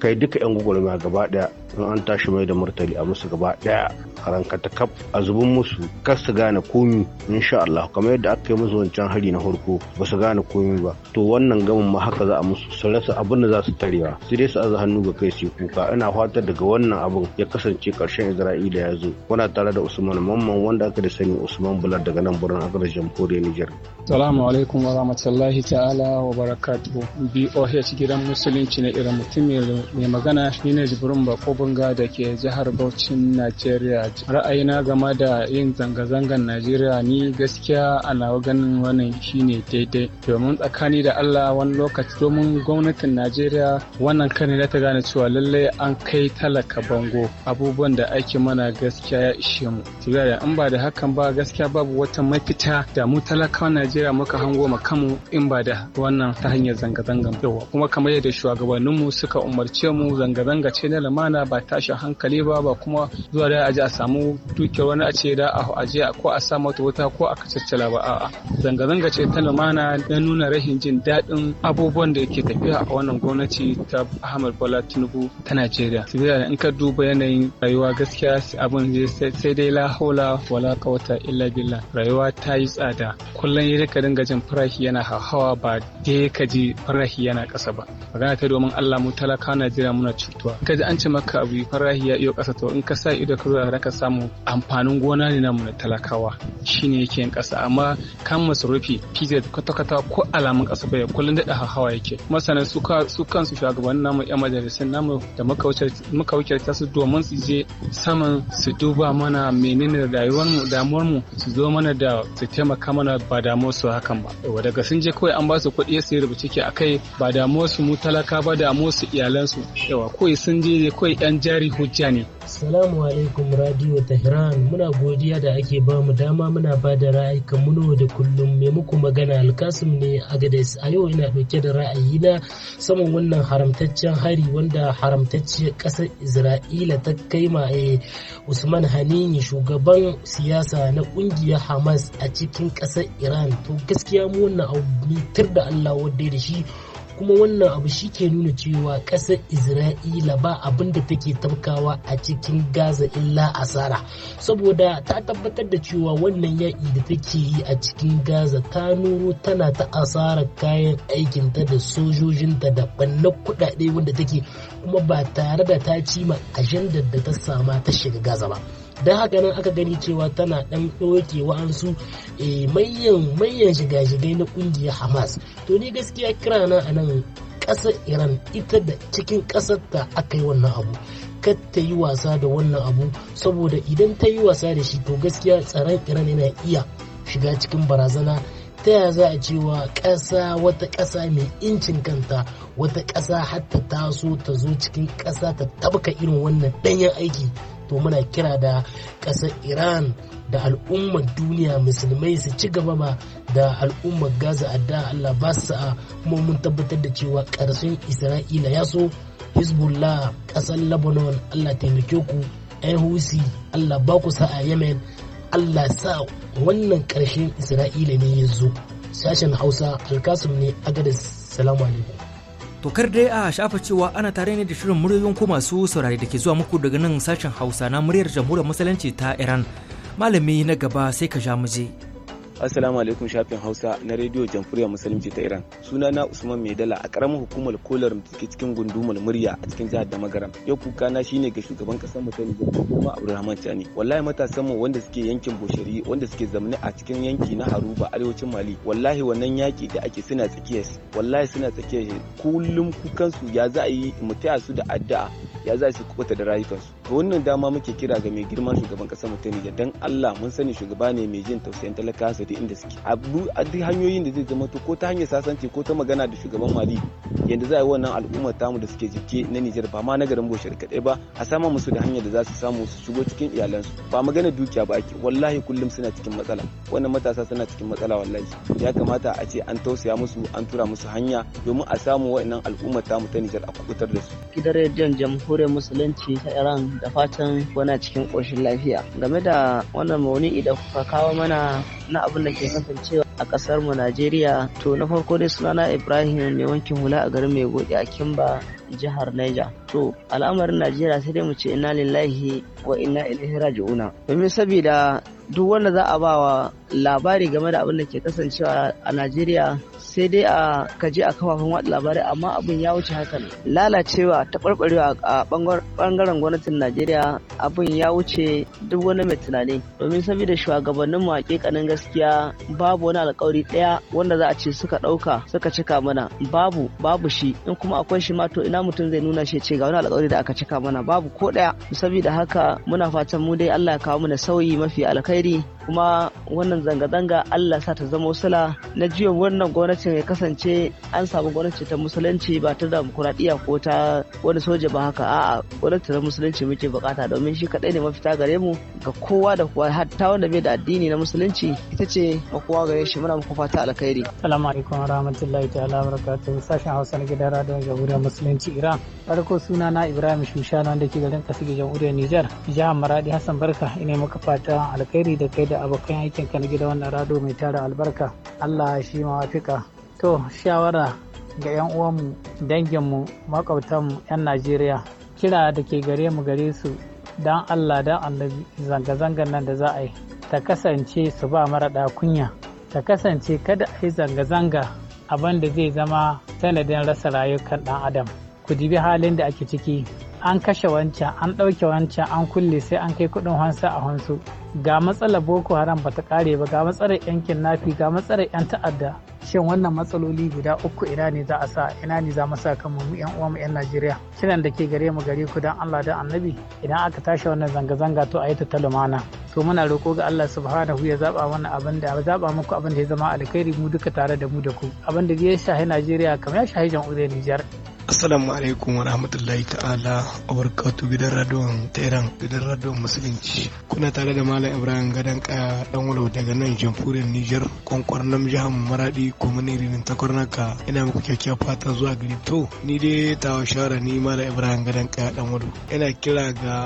kai duka yan gwagwarmaya gaba daya in an tashi mai da martali a musu gaba daya a rankata kaf a zubin musu kar su gane komi insha Allah kamar yadda aka yi musu wancan hari na farko ba su gane komi ba to wannan gamin ma haka za a musu su rasa abin da za su tarewa su dai su aza hannu ga kai su kuka ina fatar daga wannan abin ya kasance karshen Isra'ila ya zo kuna tare da Usman Mamman wanda aka da sani Usman Bular daga nan birnin Accra jamhuriyar Niger Assalamu alaikum wa rahmatullahi ta'ala wa barakatuhu BOH gidan musulunci na irin mutum mai magana shine Jibrin Bako Bunga da ke jihar Bauchin Najeriya. Ra'ayina game da yin zanga-zangar Najeriya ni gaskiya a nawa ganin wannan shine daidai. Domin tsakani da Allah wani lokaci domin gwamnatin Najeriya wannan kan na ta gane cewa lallai an kai talaka bango abubuwan da ake mana gaskiya ya ishe mu. Tigaya in ba da hakan ba gaskiya babu wata mafita da mu talakawa Najeriya muka hango ma kanmu in ba da wannan ta hanyar zanga-zangan. Yawa kuma kamar yadda shugabanninmu suka umarce mu zanga-zanga ce na lamana ba tashin hankali ba ba kuma zuwa da aje a samu dukiyar wani a ce da a aje ko a sa mata wuta ko a kacaccala ba a'a zanga-zanga ce ta lumana na nuna rashin jin daɗin abubuwan da ke tafiya a wannan gwamnati ta Ahmad Bola Tinubu ta Najeriya. Sabida in ka duba yanayin rayuwa gaskiya abin sai dai la haula wala kawata illa billah rayuwa ta yi tsada kullum ya ka dinga jin farashi yana hawa ba dai ka ji farashi yana ƙasa ba magana ta domin Allah mu talaka Najeriya muna cutuwa kaji an ce maka ka abu farahi ya iyo kasa to in ka sa ido ka zo ka samu amfanin gona ne namu na talakawa shine yake yin kasa amma kan masarufi pz kwata-kwata ko alamun kasa bai kullum daɗa hawa yake masana su kansu shugabannin namu yan majalisar namu da makawuciyar ta su domin su je saman su duba mana menene rayuwarmu mu su zo mana da su taimaka mana ba damuwar su hakan ba daga sun je kawai an ba su kuɗi su rubuce ke akai ba damuwar su mu talaka ba damuwar su iyalansu yawa kawai sun je kawai dan jari hujja ne. Salamu alaikum Radio Tehran muna godiya da ake ba mu dama muna ba da ra'ayikan muno da kullum mai muku magana alkasim ne a gadais a yau ina dauke da ra'ayi na saman wannan haramtaccen hari wanda haramtacciyar kasar Isra'ila ta kai ma eh, Usman Hanini shugaban siyasa na kungiyar Hamas a cikin kasar Iran to gaskiya mu wannan abu da Allah wadda da shi kuma wannan abu shi ke nuna cewa ƙasar isra'ila ba abin da take tabkawa a cikin gaza illa asara saboda ta tabbatar da cewa wannan yaƙi da take yi a cikin gaza ta nuro tana ta asara kayan aikinta da sojojinta da ɓannan kuɗaɗe wanda take kuma ba tare da ta cima ajandar da ta sama ta shiga gaza ba. don haka nan aka gani cewa tana dan ɗauke wa'ansu eh, mayan mayan shiga-shigai na ƙungiyar hamas to ni gaskiya kira na a nan ƙasar iran ita da cikin ta aka yi wannan abu kar ta yi wasa da wannan abu saboda idan ta yi wasa da shi to gaskiya tsaron iran yana iya shiga cikin barazana ta yaya za a cewa ƙasa wata ƙasa mai incin kanta wata ƙasa hatta ta taso ta zo cikin ƙasa ta tabka irin wannan ɗanyen aiki to muna kira da ƙasar iran da al'ummar duniya musulmai su ci gaba ba da al'ummar gaza a da allah ba su sa'a kuma mun tabbatar da cewa ƙarshen isra'ila ya so hezbollah ƙasar lebanon allah taimake ku nhc allah ba ku sa'a yemen allah sa wannan ƙarshen isra'ila ne ya zo sashen hausa alkasum ne agadis salamu alaikum To kar dai a shafa cewa ana tare ne da shirin muryoyin ku masu saurari da ke zuwa muku daga nan sashen Hausa na muryar jamhuriyar musulunci ta Iran. Malami na gaba sai ka ja mu je. Assalamu alaikum shafin Hausa na Radio Jamhuriyar Musulunci ta Iran. Suna na Usman Maidala a ƙaramin hukumar Kolar cikin gundumar murya a cikin jihar Damagaram. Yau kuka na shine ga shugaban ƙasar mu ta Nijar kuma Abdulrahman Tani. Wallahi matasan mu wanda suke yankin Boshari wanda suke zamani a cikin yanki na Haruba arewacin Mali. Wallahi wannan yaki da ake suna tsakiyar wallahi suna tsakiyar kullum kukan su ya za a yi mu su da addu'a ya za su kubuta da rayukansu. Ga wannan dama muke kira ga mai girman shugaban ƙasar mu ta dan Allah mun sani shugaba ne mai jin tausayin talakawa ta inda suke a duk hanyoyin da zai zama to ko ta hanyar sasanci ko ta magana da shugaban mali yadda za a yi wannan al'ummar tamu da suke jike na nijar ba ma na garin goshar kadai ba a sama musu da hanyar da za su samu su shigo cikin iyalansu ba magana dukiya ba ake wallahi kullum suna cikin matsala wannan matasa suna cikin matsala wallahi ya kamata a ce an tausaya musu an tura musu hanya domin a samu wa'annan al'ummar tamu ta nijar a kubutar da su gidan rediyon jamhuriyar musulunci ta iran da fatan wana cikin ƙoshin lafiya game da wannan mauni idan kuka kawo mana na abin da ke kasancewa a kasar mu Najeriya. To na farko dai sunana Ibrahim mai wankin hula a garin Maigode a Kimba jihar Niger. To al'amarin Najeriya sai dai mu ce inna lillahi wa inna ilaihi raji'una. Domin saboda duk wanda za a bawa labari game da abin da ke kasancewa a Najeriya sai dai a kaje a kafafen watsa labarai amma abin ya wuce hakan lalacewa ta taɓarɓarewa a bangaren gwamnatin najeriya abin ya wuce duk wani mai tunani domin saboda shugabannin mu hakikanin gaskiya babu wani alkawari ɗaya wanda za a ce suka ɗauka suka cika mana babu babu shi in kuma akwai shi ma to ina mutum zai nuna shi ce ga wani alkawari da aka cika mana babu ko ɗaya saboda haka muna fatan mu dai Allah ya kawo mana sauyi mafi alkhairi kuma wannan zanga-zanga Allah sa ta zama sula na jiya wannan gwamnatin gwamnatin ya kasance an samu gwamnati ta musulunci ba ta demokuraɗiyya ko ta wani soja ba haka a'a gwamnati ta musulunci muke bukata domin shi kaɗai ne mafita gare mu ga kowa da kowa hatta wanda bai da addini na musulunci ita ce kowa gare shi muna muku fata alkhairi. Assalamu alaikum warahmatullahi ta'ala barakatu sashen Hausa na gidan radiyon jamhuriyar musulunci Iran. Farko suna na Ibrahim Shushana wanda ke garin Kasige jamhuriyar Nijar. Jihar Maradi Hassan Barka ina maka fata alkhairi da kai da abokan aikin ka na gidan wannan rado mai tara albarka. Allah shi mawafika. to shawara ga 'yan uwanmu danginmu makwabtanmu 'yan najeriya kira da ke gare mu gare su don allah don annabi zanga zanga nan da za a yi ta kasance su ba mara kunya ta kasance kada a yi zanga-zanga abin da zai zama sanadin rasa rayukan ɗan adam ku dibi halin da ake ciki an kashe wancan an ɗauke wancan an kulle sai an kai kuɗin hansa a hansu ga matsalar boko haram ba ta ƙare ba ga matsalar yankin nafi ga matsalar yan ta'adda shin wannan matsaloli guda uku ina ne za a sa ina ne za mu sa ma mu yan mu yan Najeriya kiran da ke gare mu gare ku dan Allah da Annabi idan aka tashi wannan zanga-zanga to ayi ta talumana to muna roko ga Allah subhanahu ya zaba wannan abin da ya zaba muku abin da ya zama alkhairi mu duka tare da mu da ku abin da ya shahi Najeriya kamar ya shahi jan'uriyar Nijar Assalamu alaikum wa rahmatullahi ta'ala a barakatu gidan radon teran gidan radon musulunci. Kuna tare da Malam Ibrahim gadon Kaya dan walo daga nan jamhuriyar Nijar kwankwar nan jihar Maradi kuma ne rinin takwarnaka ina muku kyakkyawar fata zuwa gari to ni dai tawa shawara ni Malam Ibrahim Gadan Kaya dan ina kira ga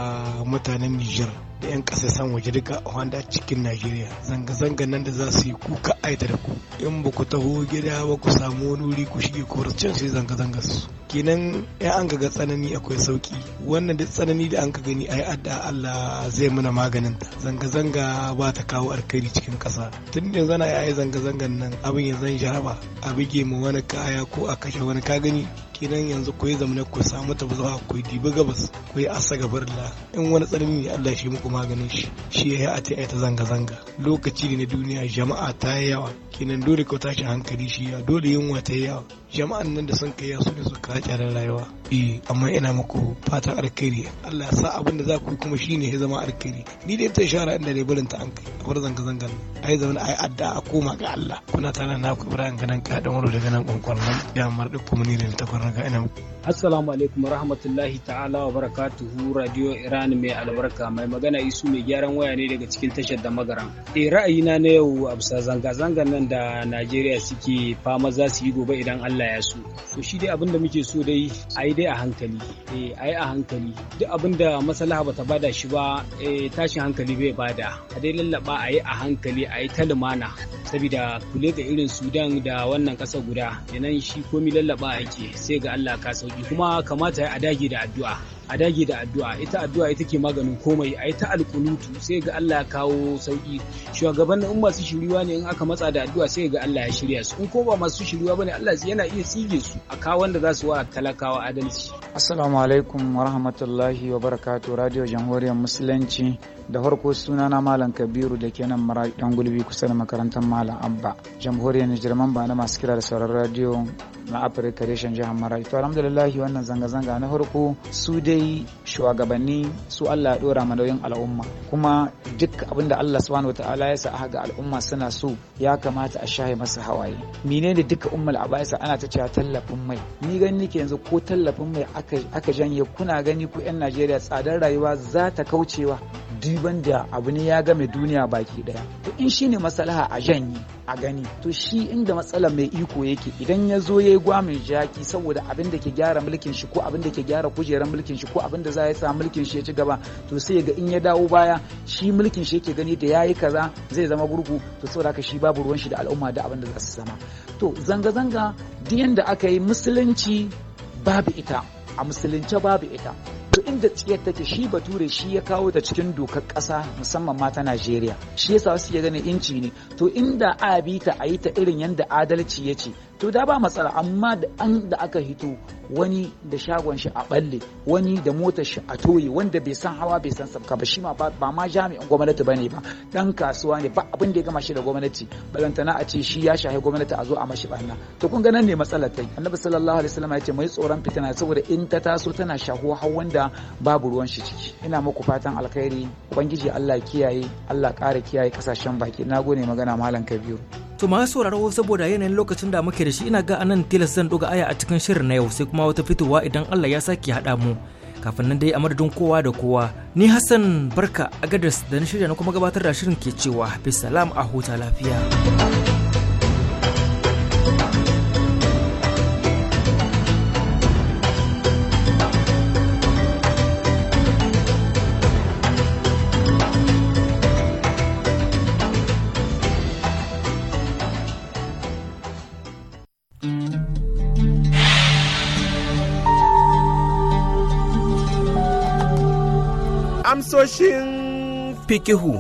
mutanen Nijar da 'yan kasa san waje duka wanda cikin Najeriya zanga zanga nan da za su yi kuka aita da ku in ba ku taho gida ba ku samu wani wuri ku shige ku can sai zanga-zanga su kenan ya an ga tsanani akwai sauki wannan da tsanani da an ka gani ai adda Allah zai mana maganin ta zanga-zanga ba ta kawo alkhairi cikin kasa tun da zana yi zanga-zangan nan abin ya zan jaraba a buge mu wani kaya ko a kashe wani ka gani kenan yanzu ku yi zamana ku samu ta zuwa ku yi dibi gabas ku yi asa gabar la in wani tsanani ne Allah shi muku maganin shi shi ya yi a ta zanga zanga lokaci ne na duniya jama'a ta yi yawa kenan dole ka tashi hankali shi ya dole yunwa ta yi yawa jama'an nan da sun kai su ne su kawo kyaran rayuwa eh amma ina muku fatan alkhairi Allah ya sa abin da za ku yi kuma shi ne ya zama alkhairi ni dai ta shara inda dai barin ta an kai a bar zanga a yi zaman ai adda a koma ga Allah kuna tana na ku Ibrahim ganan ka dan wuro daga nan nan ya marɗi kuma ni da ta ga ina Assalamu alaikum rahmatullahi ta'ala wa barakatuhu Radio Iran mai albarka mai magana isu mai gyaran waya ne daga cikin tashar da magaran. E ra'ayina na yau absa zanga-zangan nan da Najeriya suke fama za su yi gobe idan Allah ya so. To shi dai abin da muke so dai a dai a hankali. E a a hankali. Duk abin da maslaha bata bada shi ba e, tashin hankali bai bada. A dai lallaba a a hankali a yi ta lumana. saboda kule da irin sudan da wannan ƙasa guda nan shi komi lallaba ake sai ga allah ka sauki kuma kamata a dage da addu'a a dage da addu'a ita addu'a ita ke maganin komai a ita alkunutu sai ga Allah ya kawo sauki na in masu shiriwa ne in aka matsa da addu'a sai ga Allah ya shirya su in ko ba masu shiriwa bane Allah yana iya tsige su a kawo wanda za su wa talakawa adalci assalamu alaikum wa rahmatullahi wa barakatuh radio jamhuriyar musulunci da farko na malam kabiru da ke nan mara dan gulbi kusa da makarantar malam abba jamhuriyar nijar ba na masu kira da sauran radio na afirka reshen jihar mara to alhamdulillah wannan zanga-zanga na farko su dai kai shugabanni su Allah ya dora ma nauyin al'umma kuma duk abin da Allah subhanahu wataala ya sa ga al'umma suna so ya kamata a shaye masa hawaye menene duka ummul abaisa ana ta cewa tallafin mai ni gani nake yanzu ko tallafin mai aka janye kuna gani ku yan Najeriya tsadar rayuwa za ta kaucewa diban da abu ne ya game duniya baki daya to in ne masalaha a janyi a gani to shi inda matsala mai iko yake idan ya zo ya yi gwamin jaki saboda abin da ke gyara mulkin shi ko abin da ke gyara kujerar mulkin shi ko abin da za ya sa mulkin shi ya ci gaba to sai ga in ya dawo baya shi mulkin shi yake gani da ya yi kaza zai zama gurgu to saboda haka shi babu ruwan shi da al'umma da abin da za su zama to zanga zanga duk yanda aka yi musulunci babu ita a musulunce babu ita to inda tsiyar take shi bature shi ya kawo ta cikin dokar ƙasa musamman ma ta Najeriya shi yasa wasu ya gani inci ne to inda a bi ta a yi ta irin yadda adalci ya ce to da ba matsala amma da an da aka hito wani da shagon shi a balle wani da motar shi a toye wanda bai san hawa bai san sabka ba shi ma ba ma jami'in gwamnati bane ba dan kasuwa ne ba abin da ya gama shi da gwamnati balantana a ce shi ya shahi gwamnati a zo a mashi barna to kun ga nan ne matsalar tai annabi sallallahu alaihi wasallam ya ce mai tsoron fitina saboda in ta taso tana shahuwa har wanda babu ruwan shi ciki ina muku fatan alkhairi ubangiji Allah kiyaye Allah ƙara kiyaye kasashen baki nagode magana malam Kabiru To masu sauraro saboda yanayin lokacin da muke da shi ina ga anan tilas zan doga aya a cikin shirin na yau sai kuma wata fitowa idan Allah ya sake haɗa mu. Kafin nan dai a madadin kowa da kowa. Ni Hassan Barka a gadas da na shirya na kuma gabatar da shirin ke cewa bisalam a huta lafiya. amsoshin fikihu.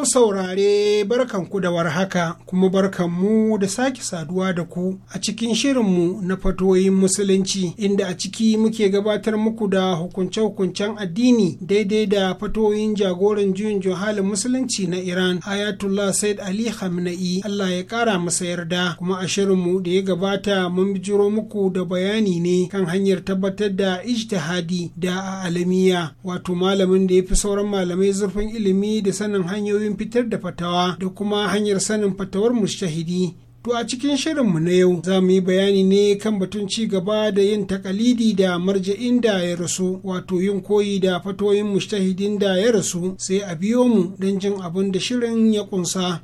masu saurare barkanku da warhaka kuma barkanmu da sake saduwa da ku a cikin shirinmu na fatoyin musulunci inda a ciki muke gabatar muku da hukunce-hukuncen addini daidai da fatoyin jagoran juyin johalin musulunci na Iran Ayatullah Said Ali hamna'i Allah ya kara masa yarda kuma a shirinmu da ya gabata mun bijiro muku da bayani ne kan hanyar tabbatar da ijtihadi da alamiya wato malamin da ya fi sauran malamai zurfin ilimi da sanin hanyoyin hanyoyin fitar da fatawa da kuma hanyar sanin fatawar mushtahidi To a cikin shirinmu na yau za mu yi bayani ne kan batun ci gaba da yin takalidi da marja'in da ya rasu wato yin koyi da fatoyin mushtahidin da ya rasu sai a biyo mu don jin abin da shirin ya kunsa.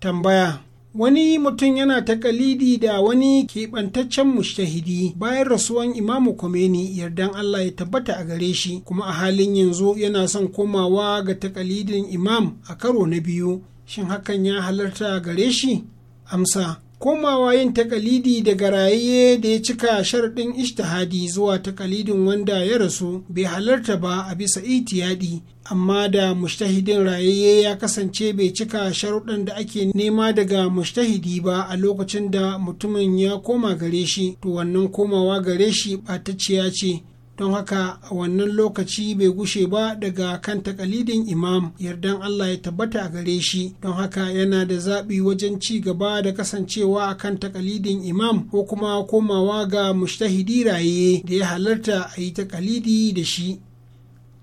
Tambaya wani mutum yana takalidi da wani keɓantaccen mushtahidi bayan rasuwan imamu Khomeini yardan Allah ya tabbata a gare shi kuma a halin yanzu yana son komawa ga takalidin imam a karo na biyu shin hakan ya halarta gare shi amsa komawa yin takalidi daga raye da ya cika sharaɗin ishtihadi zuwa takalidin wanda ya rasu bai halarta ba a bisa itiyadi amma da mushtahidin rayaye ya kasance bai cika sharuɗan da ake nema daga mushtahidi ba a lokacin da mutumin ya koma gare shi to wannan komawa gare shi ɓatacciya ce don haka a wannan lokaci bai gushe ba daga kan takalidin imam yardan Allah ya tabbata a gare shi don haka yana da zaɓi wajen ci gaba da kasancewa a kan takalidin imam ko kuma komawa ga mushtahidi raye da ya halarta a yi takalidi da shi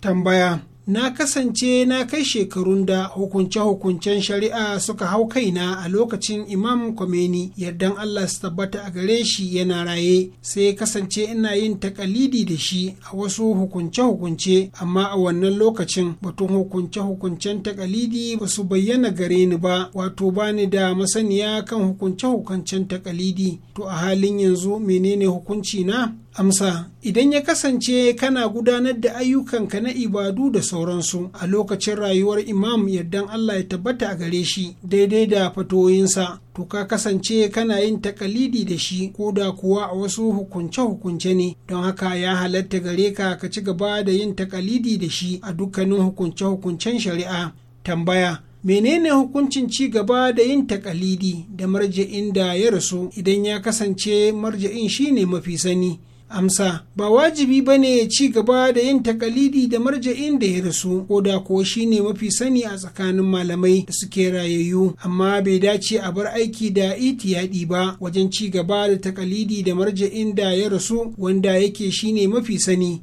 tambaya na kasance na kai shekarun da hukunce-hukuncen shari'a suka hau kaina a lokacin imam Khomeini yardan Allah su tabbata a gare shi yana raye sai kasance ina yin takalidi da shi a wasu hukunce-hukunce amma a wannan lokacin batun hukunce-hukuncen takalidi ba su bayyana gare ni ba wato ba ni da masaniya kan hukunce-hukuncen takalidi to a halin yanzu menene hukunci na Amsa, idan ya kasance kana gudanar da ayyukanka na ibadu da sauransu a lokacin rayuwar imam yardan Allah ya tabbata a gare shi daidai da fatoyinsa, to ka kasance kana yin takalidi da shi ko da kuwa a wasu hukunce-hukunce ne, don haka ya halatta gare ka ka ci gaba da yin takalidi da shi a dukkanin hukunce-hukuncen shari'a. Tambaya. menene hukuncin ci gaba da yin takalidi da marja'in da ya rasu idan ya kasance marja'in shine mafi sani amsa ba wajibi ba ne ya ci gaba da yin takalidi da marja'in da ya rasu ko da kuwa shi ne mafi sani a tsakanin malamai da suke rayayyu amma bai dace a bar aiki da itiyadi ba wajen ci gaba da takalidi da marja'in da ya rasu wanda yake shi ne mafi sani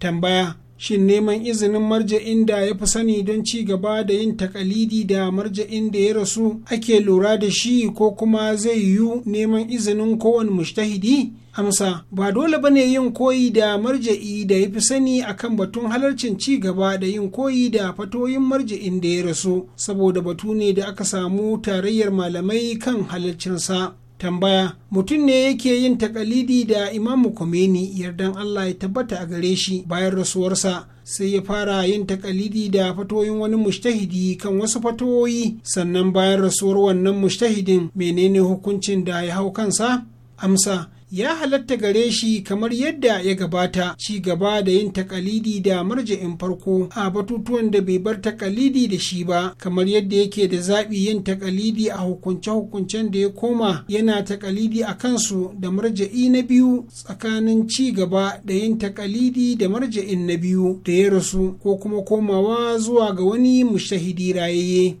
tambaya shin neman izinin marja'in da ya fi sani don ci gaba da yin takalidi da marja'in da ya rasu ake lura da shi ko kuma zai yiwu neman izinin kowane mushtahidi Amsa ba dole ba ne yin koyi da marja'i da ya fi sani a kan batun halarcin ci gaba da yin koyi da fatoyin marja'in da ya rasu saboda batu ne da aka samu tarayyar malamai kan halarcinsa. Tambaya mutum ne yake yin takalidi da Imamu Khomeini yardan Allah ya tabbata a gare shi bayan rasuwarsa sai ya fara yin takalidi da fatoyin wani mushtahidi kan wasu fatoyi sannan bayan rasuwar wannan mushtahidin menene hukuncin da ya hau kansa? Amsa ya halatta gare shi kamar yadda ya gabata ci gaba da yin takalidi da marja'in farko a batutuwan da bai bar takalidi da shi ba kamar yadda yake da zaɓi yin takalidi a hukunce-hukuncen da ya koma yana takalidi a kansu da marja'i na biyu tsakanin ci gaba da yin takalidi da marja'in na biyu da ya rasu ko kuma komawa zuwa ga wani mushahidi rayayye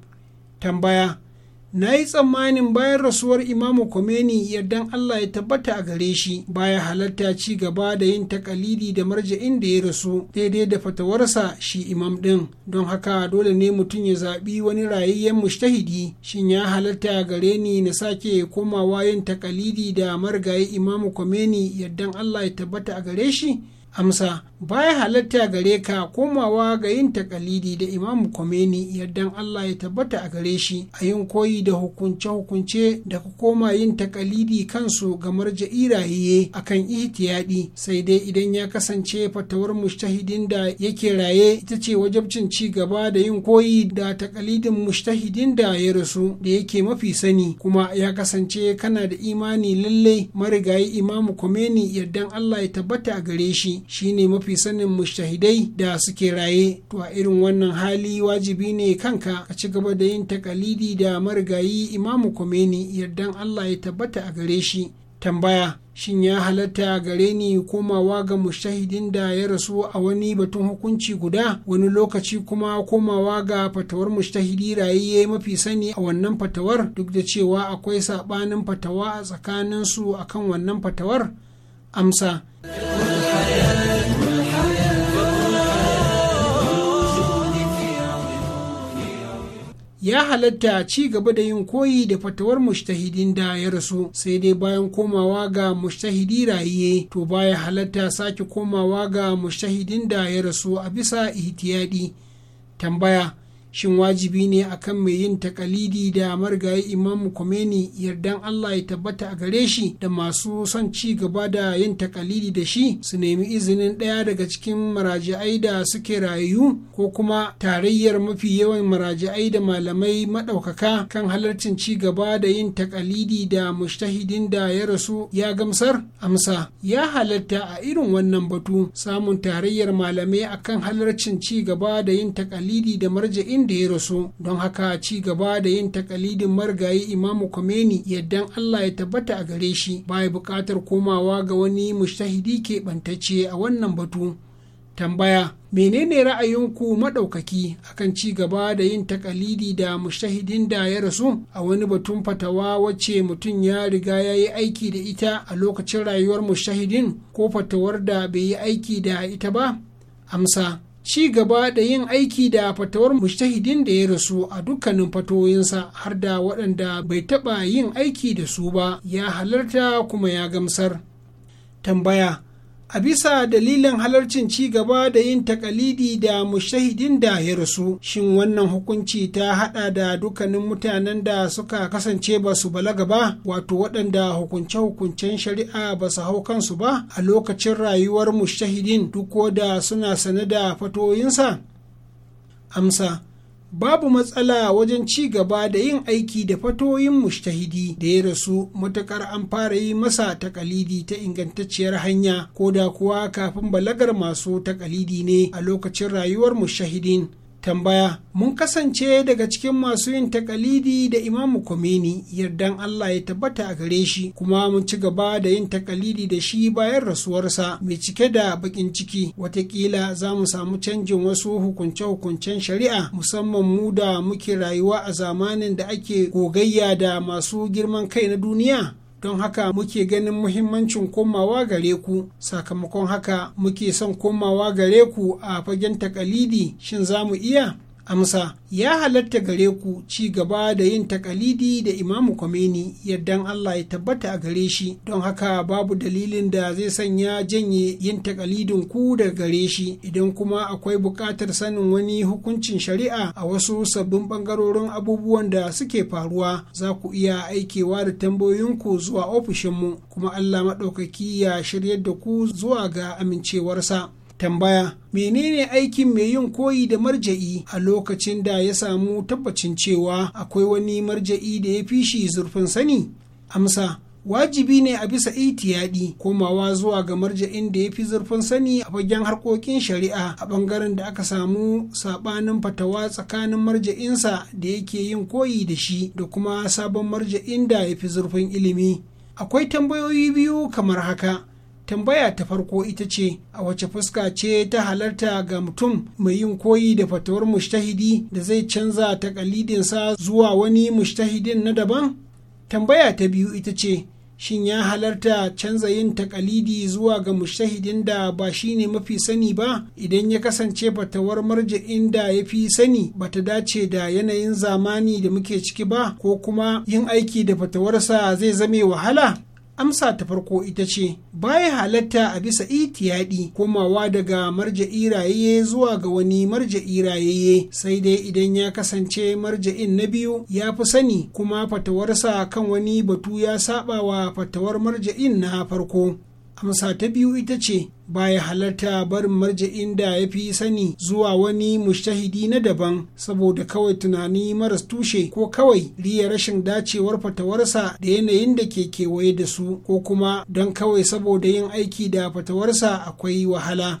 tambaya na yi tsammanin bayan rasuwar imamu Khomeini yardan Allah ya tabbata a gare shi baya halatta ci gaba da yin takalidi da marja'in da ya rasu daidai da fatawarsa shi imam ɗin don haka dole ne mutum ya zaɓi wani rayayyen mushtahidi shin ya halatta a gare ni na sake komawa yin takalidi da marigayi imamu Khomeini yardan Allah ya tabbata a gare shi amsa baya halatta gare ka komawa ga yin takalidi da imamu komeni yardan Allah ya tabbata a gare shi a yin koyi da hukunce-hukunce da ka koma yin takalidi kansu ga iraye a akan ihtiyadi sai dai idan ya kasance fatawar mushtahidin da yake raye ita ce wajabcin ci gaba da yin koyi da takalidin mushtahidin da ya rasu da yake mafi sani kuma ya kasance kana da imani lallai marigayi imamu komeni yardan Allah ya tabbata a gare shi shine mafi sanin mushtahidai da suke raye to a irin wannan hali wajibi ne kanka ka ci gaba da yin takalidi da marigayi imamu komeni yardan Allah ya tabbata a gare shi tambaya shin ya halatta gare ni komawa ga mushtahidin da ya rasu a wani batun hukunci guda wani lokaci kuma komawa ga fatawar mushtahidi rayayye mafi sani a wannan fatawar duk da cewa akwai saɓanin fatawa a tsakaninsu akan wannan fatawar amsa ya halatta ci gaba da yin koyi da fatawar mushtahidin da ya rasu sai dai bayan komawa ga mushtahidi rayiye to baya halatta sake komawa ga mushtahidin da ya rasu a bisa ihtiyadi tambaya shin wajibi ne akan mai yin takalidi da marigayi Imam Khomeini yardan Allah ya tabbata a gare shi da masu son ci gaba da yin takalidi da shi su nemi izinin ɗaya daga cikin marajiai da suke rayu ko kuma tarayyar mafi yawan marajiai da malamai maɗaukaka kan halarcin ci gaba da yin takalidi da mushtahidin da ya rasu ya gamsar amsa ya halatta a irin wannan batu samun tarayyar malamai akan halarcin ci gaba da yin takalidi da marja'in abin da ya rasu don haka ci gaba da yin takalidin margayi imamu kwameni yadda Allah ya tabbata a gare shi baya buƙatar komawa ga wani mushtahidi keɓantacce a wannan batu tambaya menene ra'ayinku maɗaukaki akan ci gaba da yin takalidi da mushtahidin da ya rasu a wani batun fatawa wacce mutum ya riga ya yi aiki da ita a lokacin rayuwar mushtahidin ko fatawar da bai yi aiki da ita ba amsa ci gaba da yin aiki da fatawar mushtahidin da ya rasu a dukkanin fatoyinsa har da waɗanda bai taɓa yin aiki da su ba ya halarta kuma ya gamsar tambaya a bisa dalilin halarcin ci gaba da yin takalidi da mushahidin da ya rasu shin wannan hukunci ta hada da dukkanin mutanen da suka kasance ba su balaga ba wato waɗanda hukunce-hukuncen shari'a ba su hau kansu ba a lokacin rayuwar mushahidin duk da suna sane da fatoyinsa amsa babu matsala wajen ci gaba da yin aiki da fatoyin mushtahidi da ya rasu matakar an fara yi masa takalidi ta ingantacciyar hanya ko da kuwa kafin balagar masu takalidi ne a lokacin rayuwar mushtahidin tambaya mun kasance daga cikin masu yin takalidi da imamu komeni yardan Allah ya tabbata a gare shi kuma mun ci gaba da yin takalidi da shi bayan rasuwarsa mai cike da bakin ciki watakila za mu samu canjin wasu hukunce-hukuncen shari'a musamman mu da muke rayuwa a zamanin da ake gogayya da masu girman kai na duniya don haka muke ganin muhimmancin komawa gare ku sakamakon haka muke son komawa gare ku a fagen takalidi shin za mu iya amsa ya halatta gare ku ci gaba da yin takalidi da imamu kwameni yadda Allah ya tabbata a gare shi don haka babu dalilin da zai sanya janye yin takalidin ku da gare shi idan kuma akwai buƙatar sanin wani hukuncin shari'a a wasu sabbin ɓangarorin abubuwan da suke faruwa za ku iya aikewa da tambayoyinku zuwa ofishinmu kuma Allah maɗaukaki ya shiryar da ku zuwa ga amincewarsa. tambaya menene aikin mai yin koyi da marja'i a lokacin da ya samu tabbacin cewa akwai wani marja'i da ya fi shi zurfin sani amsa wajibi ne a bisa itiyadi komawa zuwa ga marja'in da ya fi zurfin sani a fagen harkokin shari'a a bangaren da aka samu sabanin fatawa tsakanin marja'insa da yake yin koyi da shi da kuma sabon marja'in da ya fi zurfin ilimi akwai tambayoyi biyu kamar haka tambaya ta farko ita ce a wace fuska ce ta halarta ga mutum mai yin koyi da fatawar mushtahidi da zai canza takalidinsa zuwa wani mushtahidin na daban tambaya ta biyu ita ce shin ya halarta canza yin takalidi zuwa ga mushtahidin da ba shi ne mafi sani ba idan ya kasance fatawar marji'in da ya fi sani ba ta dace da yanayin zamani da muke ciki ba ko kuma yin aiki da fatawarsa zai zame wahala amsa ta farko ita ce baya halatta a bisa itiyadi komawa daga marja'i iraye zuwa ga wani marja'i rayeye sai dai idan ya kasance marja'in na biyu ya fi sani kuma fatawarsa kan wani batu ya saba wa fatawar marja'in na farko amsa ta biyu ita ce ba baya halarta barin marja'in da ya fi sani zuwa wani mushtahidi na daban saboda kawai tunani maras tushe ko kawai riya rashin dacewar fatawarsa da yanayin da ke kewaye da su ko kuma don kawai saboda yin aiki da fatawarsa akwai wahala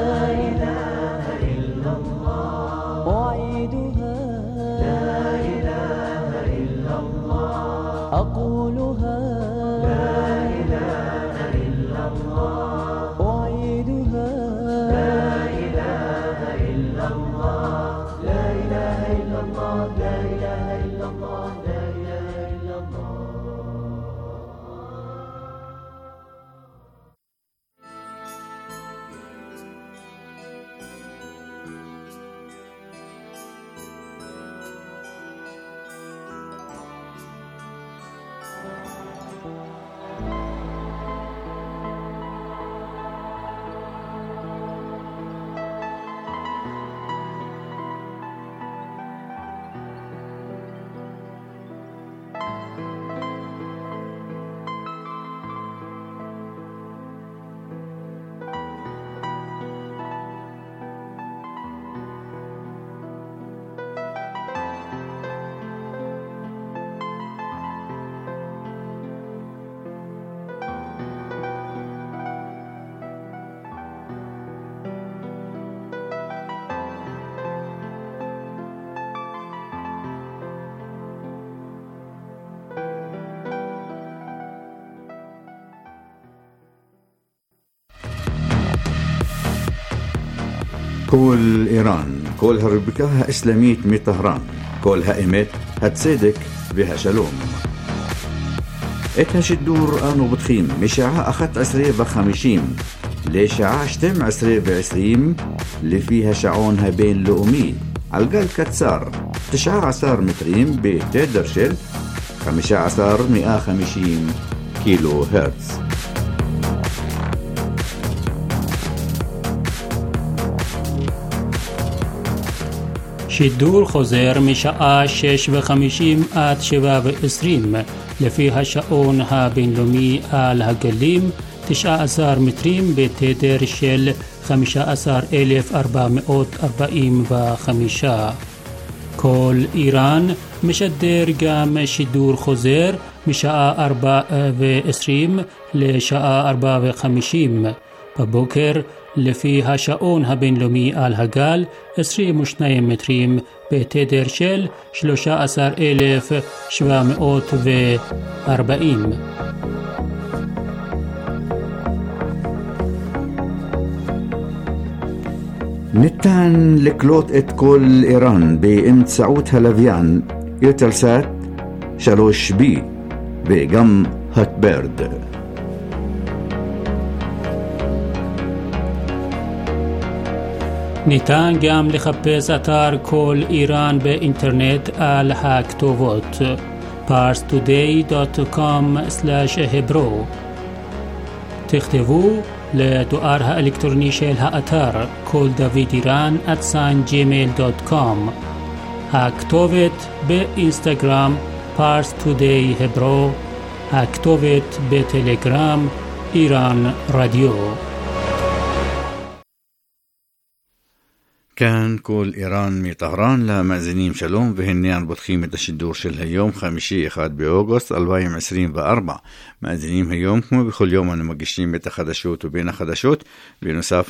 كول إيران كلها ربكها إسلاميت مي طهران كلها إيمت هتصدق بها شلوم اتهش الدور آنو بتخيم مشاعة أخت عسرية بخمشيم لشاعة شتم عسري بعسريم اللي فيها شعونها بين لؤمي عالقال كتسار تشعة عصار متريم بتدرشل خمشة عصار مئة خمشيم كيلو هرتز השידור חוזר משעה שש וחמישים עד שבע ועשרים, לפי השעון הבינלאומי על הגלים, תשע עשר מטרים בתדר של חמישה עשר אלף ארבע מאות ארבעים וחמישה. כל איראן משדר גם שידור חוזר משעה ארבע ועשרים לשעה ארבע וחמישים. בבוקר לפי השעון הבינלאומי על הגל 22 מטרים בתדר של 13,740. ניתן לקלוט את כל איראן באמצעות הלוויין אינטרסאט 3B וגם הטברד. ניתן גם לחפש אתר כל איראן באינטרנט על הכתובות parstoday.com/hebro תכתבו לדואר האלקטרוני של האתר כל דוד איראן at gmail.com הכתובת באינסטגרם parstoday.hebro הכתובת בטלגרם איראן רדיו כאן כל איראן מטהרן למאזינים שלום והנה פותחים את השידור של היום חמישי 1 באוגוסט 2024. מאזינים היום כמו בכל יום אנו מגישים את החדשות ובין החדשות בנוסף